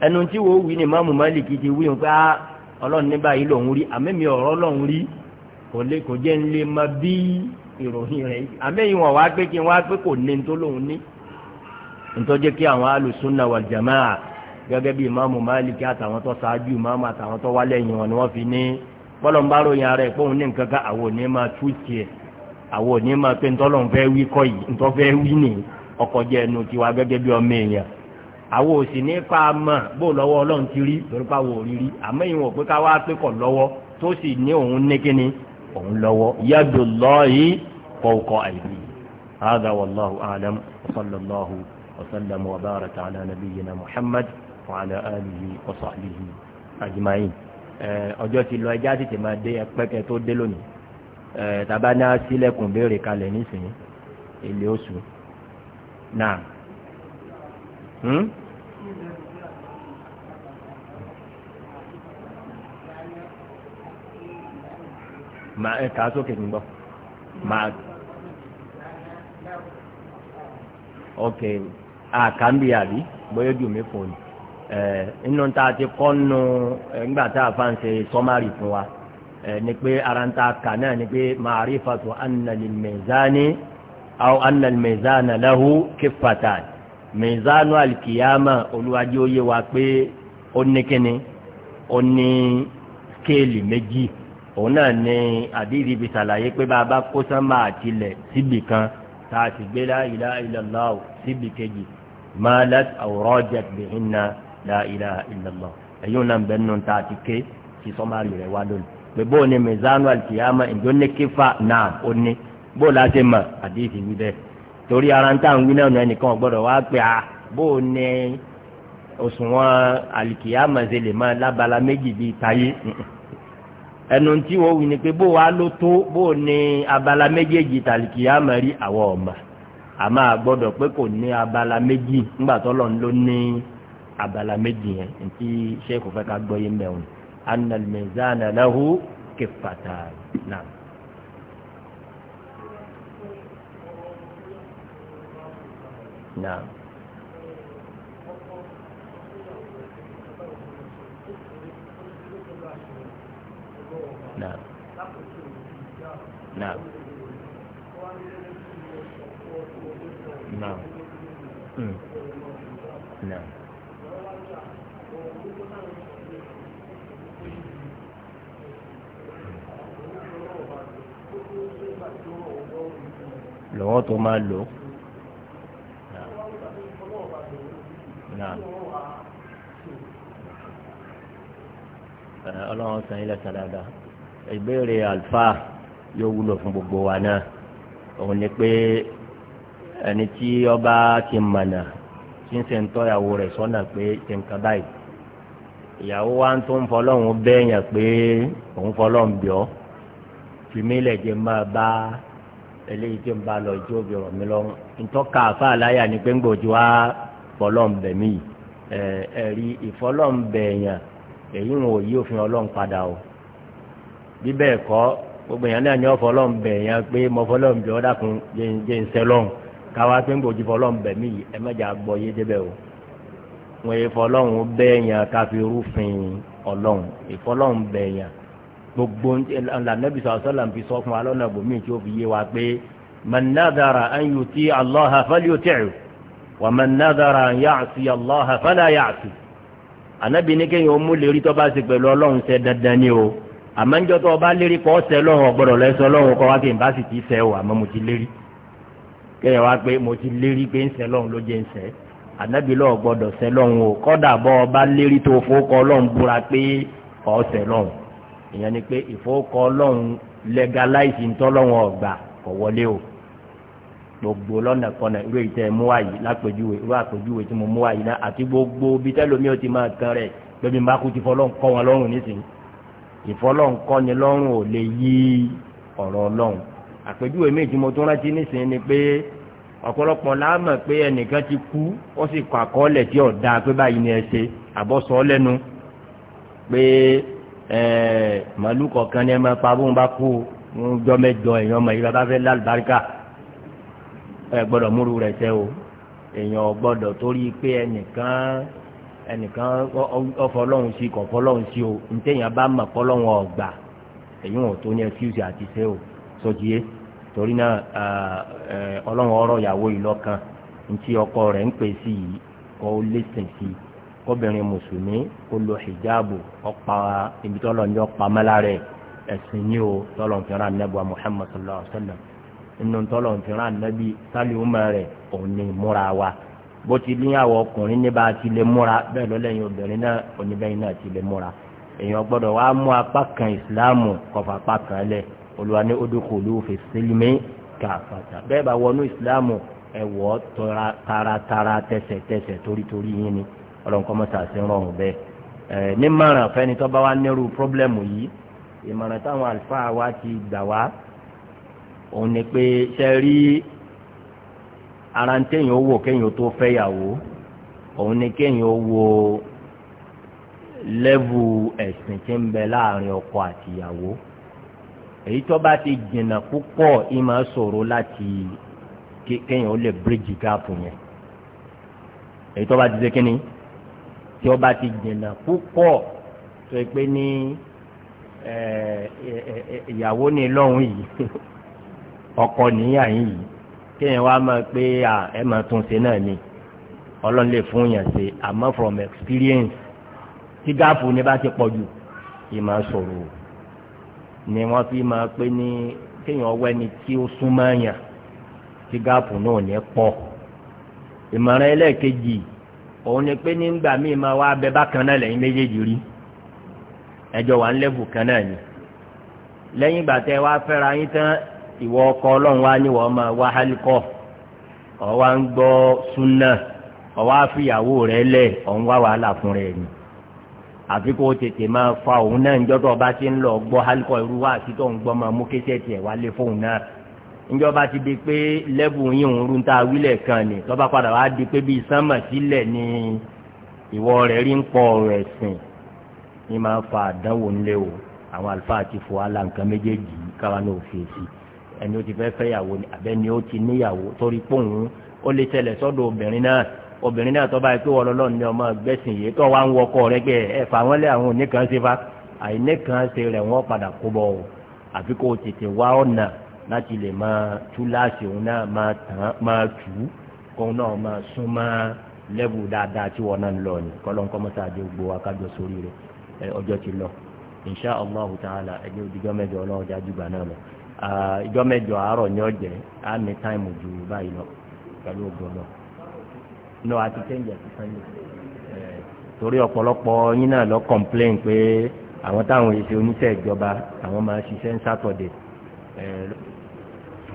ẹnu tí wọ́n wí ni mọ́mú mọ́lì kìí ti wí òun pé ah, ọlọ́run ní báyìí lòun rí àmẹ́mi ọ̀rọ̀ lòun rí kò lè kò jẹ́ ń lè mọ bí ìròyìn rẹ̀ àmẹ́yìn wọn wá pé kí wọ́n á pé kò ní tó lòun ní ntọ́jẹ́ kí àwọn alùsùnà wal jamaa gẹ́gẹ́ bí ìmáàmù àtàwọn tó ṣáájú ìmáàmù àtàwọn tó ni wọ́n fi ní bọ́lọ̀ ń bá ròyìn ara ẹ̀ pọ́n ní nǹkan ká àwọn ò máa tú tiẹ̀ àwọn ò máa àwọn òsì ní pa mọ̀ bó lọ́wọ́ ọlọ́run ti rí torí pa wò rí rí àmọ́ ìwọ̀n òpin ká wá pé kọ̀ lọ́wọ́ tó sì ní òun ní kíni òun lọ́wọ́ yàdù lọ́ọ̀yì fọwọ́kọ àìbí هذا والله أعلم وصلى الله وسلم وبارك على نبينا محمد وعلى آله وصحبه أجمعين ọjọ́ ti lọ ẹjá tètè máa dé ẹpẹ́kẹ tó dé lónìí tàbá náà sílẹ̀kùn béèrè kalẹ̀ nísìnyí èlé oṣù náà. Hmm? máa ẹ kà á sókè nígbọ máa ok àkàǹbì àbí bóyá jù mí fún mi ẹ inú ta ti kọ́ nu nígbà tá a fa ń ṣe sọ́márì fún wa ẹ ni pé ara ń ta kà náà ni pé ma'rifatu anna lil mizani aw anna al mizana lahu kiffatan mizanu alkiyama olùwàjì ó wa pé ó ní kíni ó ní skéèlì méjì òun náà ni àdìrí ibi ṣàlàyé pé bá a bá kó sánmà àtilẹ̀ síbì kan tá a sì gbé la ilaha illallah síbì kejì malat aw rajat bihinna la ilaha illallah ẹ̀yìn náà bẹ́ẹ̀ nù tá a ti ké sí sọ́márì rẹ̀ wá lónìí pé bó o ní mizanu alkiyama ìjọ ní kífà náà ó ní bó o láti mọ̀ àdìrí wí bẹ́ẹ̀ torí ara ń tà ń wí náà nìkan gbọ́dọ̀ wá pé a bó o òṣùwọ̀n alkiyama ṣe lè máa lábala méjì bíi táyé ẹnu tí wọ́n wí ni pé bó wa ló tó bó ní abala méjèèjì tàlìkì àmàrí àwọn ọ̀mà àmọ́ àgbọ́dọ̀ pé kò ní abala méjì ńgbà tọ́lọ̀ ń ló ní abala méjì yẹn ntí sẹ́kù fẹ́ ká gbọ́ yín mẹ́wọ̀n anal mizana lahu kifata naam. náà náà náà náà. lọ́wọ́ tó máa lò ọlọ́run san ilẹ̀ sàdáadáa ìbéèrè alfa yóò wúlò fún gbogbo wa náà òun ni pé ẹni tí ọba ti mànà tí ń sèǹtọ́ ìyàwó rẹ̀ sọ́nà pé ṣe nǹkan báyìí ìyàwó wa tó ń fọlọ́hún bẹ́ẹ̀yàn pé òun fọlọ́hún bíọ́ fìmílẹ̀ jẹ́ máa bá eléyìí tó ń bá lọ ijó bí ọ̀rọ̀ mi lọ́rùn ntọ́ka àfa ni pé ń wa fọlọ́hún bẹ̀mí ẹ̀rí ìfọlọ́hún bẹ̀ẹ̀yàn èyí ń wò yí òfin ọlọ́hún padà o. bí bẹ́ẹ̀ kọ́ gbogbo èèyàn náà ní ọ̀fọlọ́n bẹ̀ yẹn pé mọ̀fọlọ́n jọ dákun jẹ́ ń sẹ́lọ́n káwá pé ń gbòjì fọlọ́n bẹ̀ mí yìí ẹ o wọn yìí fọlọ́n bẹ́ẹ̀ yẹn káfí rúfin ọlọ́run ìfọlọ́n bẹ̀ yẹn gbogbo lànàbí sọ̀sọ́là fi sọ fún wa lọ́nà bòmí tí ó fi yé wa pé nadara àmọ́njọ́ tó o bá lérí kọ́ ọ́sẹ̀ lọ́wọ́ ọgbọ́dọ̀ lẹ́sọ̀ lọ́wọ́ kọ́ wá pé nbá sì ti sẹ́ o àmọ́ mo ti lérí kẹ́yẹ̀ wá pé mo ti lérí pé ńsẹ̀ lọ́hùn ló jẹ́ ńsẹ̀ ànábì lọ́wọ́ gbọ́dọ̀ sẹ́ lọ́hùn o kọ́dà bọ́ ọ bá lérí tó fowókọ́ ọlọ́hùn búra pé ọ̀ọ́sẹ̀ lọ́hùn ìyẹn ni pé ìfowókọ́ ọlọ́hùn legalize ntọ́lọ́hùn ọ̀gbà kọ̀ wọlé o gbogbo lọ́nà kọ́nà irú ìtẹ́ mú wáyé lápèjúwe irú àpèjúwe tí mo mú wáyé náà àti gbogbo bíi tẹ́lómi ó ti máa kan rẹ̀ lómi máa kú ti fọ́ lọ́hùn kọ́ wọn lọ́rùn nísìnyí ìfọlọ́nkọ́ni lọ́rùn ò lè yí ọ̀rọ̀ ọlọ́run àpèjúwe méjì mo tún rántí nísìnyí ni pé ọ̀pọ̀lọpọ̀ la mọ̀ pé ẹnìkan ti kú ó sì kọ àkọọ́lẹ̀ tí ọ̀dà pé báyìí ni ẹ ṣe àbọ̀sọ lẹ́nu pé màálù kọ̀ọ̀kan ni ẹ máa pa bóun bá kú ń jọ mẹ́jọ èèyàn ọmọ yìí bàbá fẹ́ lálùbáríkà ẹ gbọ́dọ̀ múru rẹ̀ sẹ́ o èèyàn gbọ́dọ̀ torí pé ẹnìkan ẹnìkan ọfọlọ́hún sí kọ̀fọlọ́hún sí o ntẹ̀yìn bá mọ̀ kọ́lọ́hún ọgbà èyí wọn tó ní ẹfíùsì àti ṣe o torí náà ọlọ́run ọ̀rọ̀ ìyàwó ìlọ́kan ntí ọkọ rẹ̀ ń i kọ́bìnrin mùsùlùmí kó lo hijabu ọ̀pá ibi tọ́lọ̀ ní ọ̀pá mẹ́lára ẹ̀sìn ní o tọ́lọ̀ wa sallam bó ti ní àwọn ọkùnrin níbà ti lè múra bẹ́ẹ̀ ló lẹ́yìn obìnrin náà oníbẹ̀yìn náà ti lè múra èèyàn gbọ́dọ̀ wá mú apá kan ìsìláàmù kọfà apá kan lẹ̀ olùwà ní odòkòlù fi sílímì kàfàtà bẹ́ẹ̀ bá wọnú ìsìláàmù ẹ̀wọ́ taratara tẹsẹ̀tẹsẹ̀ torítorí yín ni ọlọ́nkọ́ mọ́ta sí rọrùn bẹ́ẹ̀ ẹ̀ ní mọ̀ràn fẹ́ni tó bá nírú pírọ́blẹ́mù yìí ìmọ̀ràn táwọn àlùfáà wa ti gbà wá òun ni pé ṣe rí ara ń tẹ̀yìn owó kẹ́yìn tó fẹ́yàwó òun ni kẹ́yìn owó lẹ́vù ẹ̀sìn tí ń bẹ láàrin ọkọ àtìyàwó èyí tó bá ti jìnnà púpọ̀ ìmọ̀ sọ̀rọ̀ láti kẹ́yìn ó lè bíríjì gáàpù yẹn èyí tó bá ti ṣe kínní tí ó bá ti jìnnà púpọ̀ tó yẹ pé ní ìyàwó ni lọ́hùn yìí ọkọ nìyà yìí kéèyàn wá máa pé à ẹ máa tún ṣe náà ni ọlọ́run lè fún yàn ṣe àmọ́ from experience tí gáàpù ni bá ti pọ̀ jù yìí máa sọ̀rọ̀ ni wọ́n fi máa pé ní kéèyàn ọwọ́ ẹni tí ó súnmọ́ yàn tí gáàpù náà ní pọ̀ ìmọ̀ràn ẹlẹ́ẹ̀kejì òun ni pé nígbà míì máa wá abẹ bákan náà lẹ́yìn méjèèjì rí ẹjọ́ wà ń lẹ́bù kan náà ni lẹ́yìn ìgbà tẹ́ wá fẹ́ra yín tán ìwọ ọkọ ọlọ́run wá níwọ̀ ọmọ wa hálíkọ́ ọ̀wá ń gbọ́ súnà ọ̀wá fìyàwó rẹ̀ lẹ̀ ọ̀hún wá wàhálà fún rẹ̀ ni àfi kó tètè máa fa òun náà ńjọ́tọ̀ ọba ti ń lọ gbọ́ hálíkọ́ irú wa àti tó ń gbọ́ máa mú kéṣẹ́ tiẹ̀ wálé fóun náà ńjọba ti di pé lẹ́bù yín òun rú ta wílẹ̀ kan ni tọ́ba padà wá di pé bíi sánmà sílẹ̀ ni ìwọ rẹ̀ rí ń pọ̀ rẹ̀ sìn ní máa fa àdánwò ńlẹ̀ o àwọn àlùfáà ti fò wá la nǹkan méjèèjì káwa náà fèsì ẹni ó ti fẹ́ fẹ́ ni àbẹ́ni ó ti níyàwó torí pòun ó lè tẹ̀lẹ̀ sọ́dọ̀ obìnrin náà obìnrin náà tó bá pé lọ́lọ́ ní ọmọ gbẹ́sìn yìí tó wá ń wọkọ rẹ pé ẹ fà wọ́n lé àwọn oníkan ṣe fa àìníkan ṣe rẹ̀ wọ́n padà kó bọ̀ o àfi kó tètè wá ọ̀nà láti lè máa tú láàṣì òun náà máa tàn máa tù ú kóun náà máa sún máa lẹ́bù dáadáa tí wọ́n náà ń lọ ni kọ́lọ́n kọ́mọ́tà àdé gbogbo akájọ sórí rẹ̀ ọjọ́ ti lọ inṣá allahu ta'ala ẹni òdìjọ́ mẹ́jọ ọlọ́run dájú ìjọ mẹ́jọ àárọ̀ ní ọ̀jẹ̀ á ní táìmù ju báyìí lọ pẹ̀lú ògùn lọ. nù àti kéńjẹ ti sàn yìí. torí ọ̀pọ̀lọpọ̀ yín náà lọ kọ̀mplain pé àwọn táwọn èsì oníṣẹ́ ìjọba àwọn máa ṣiṣẹ́ ń sátọ̀dẹ̀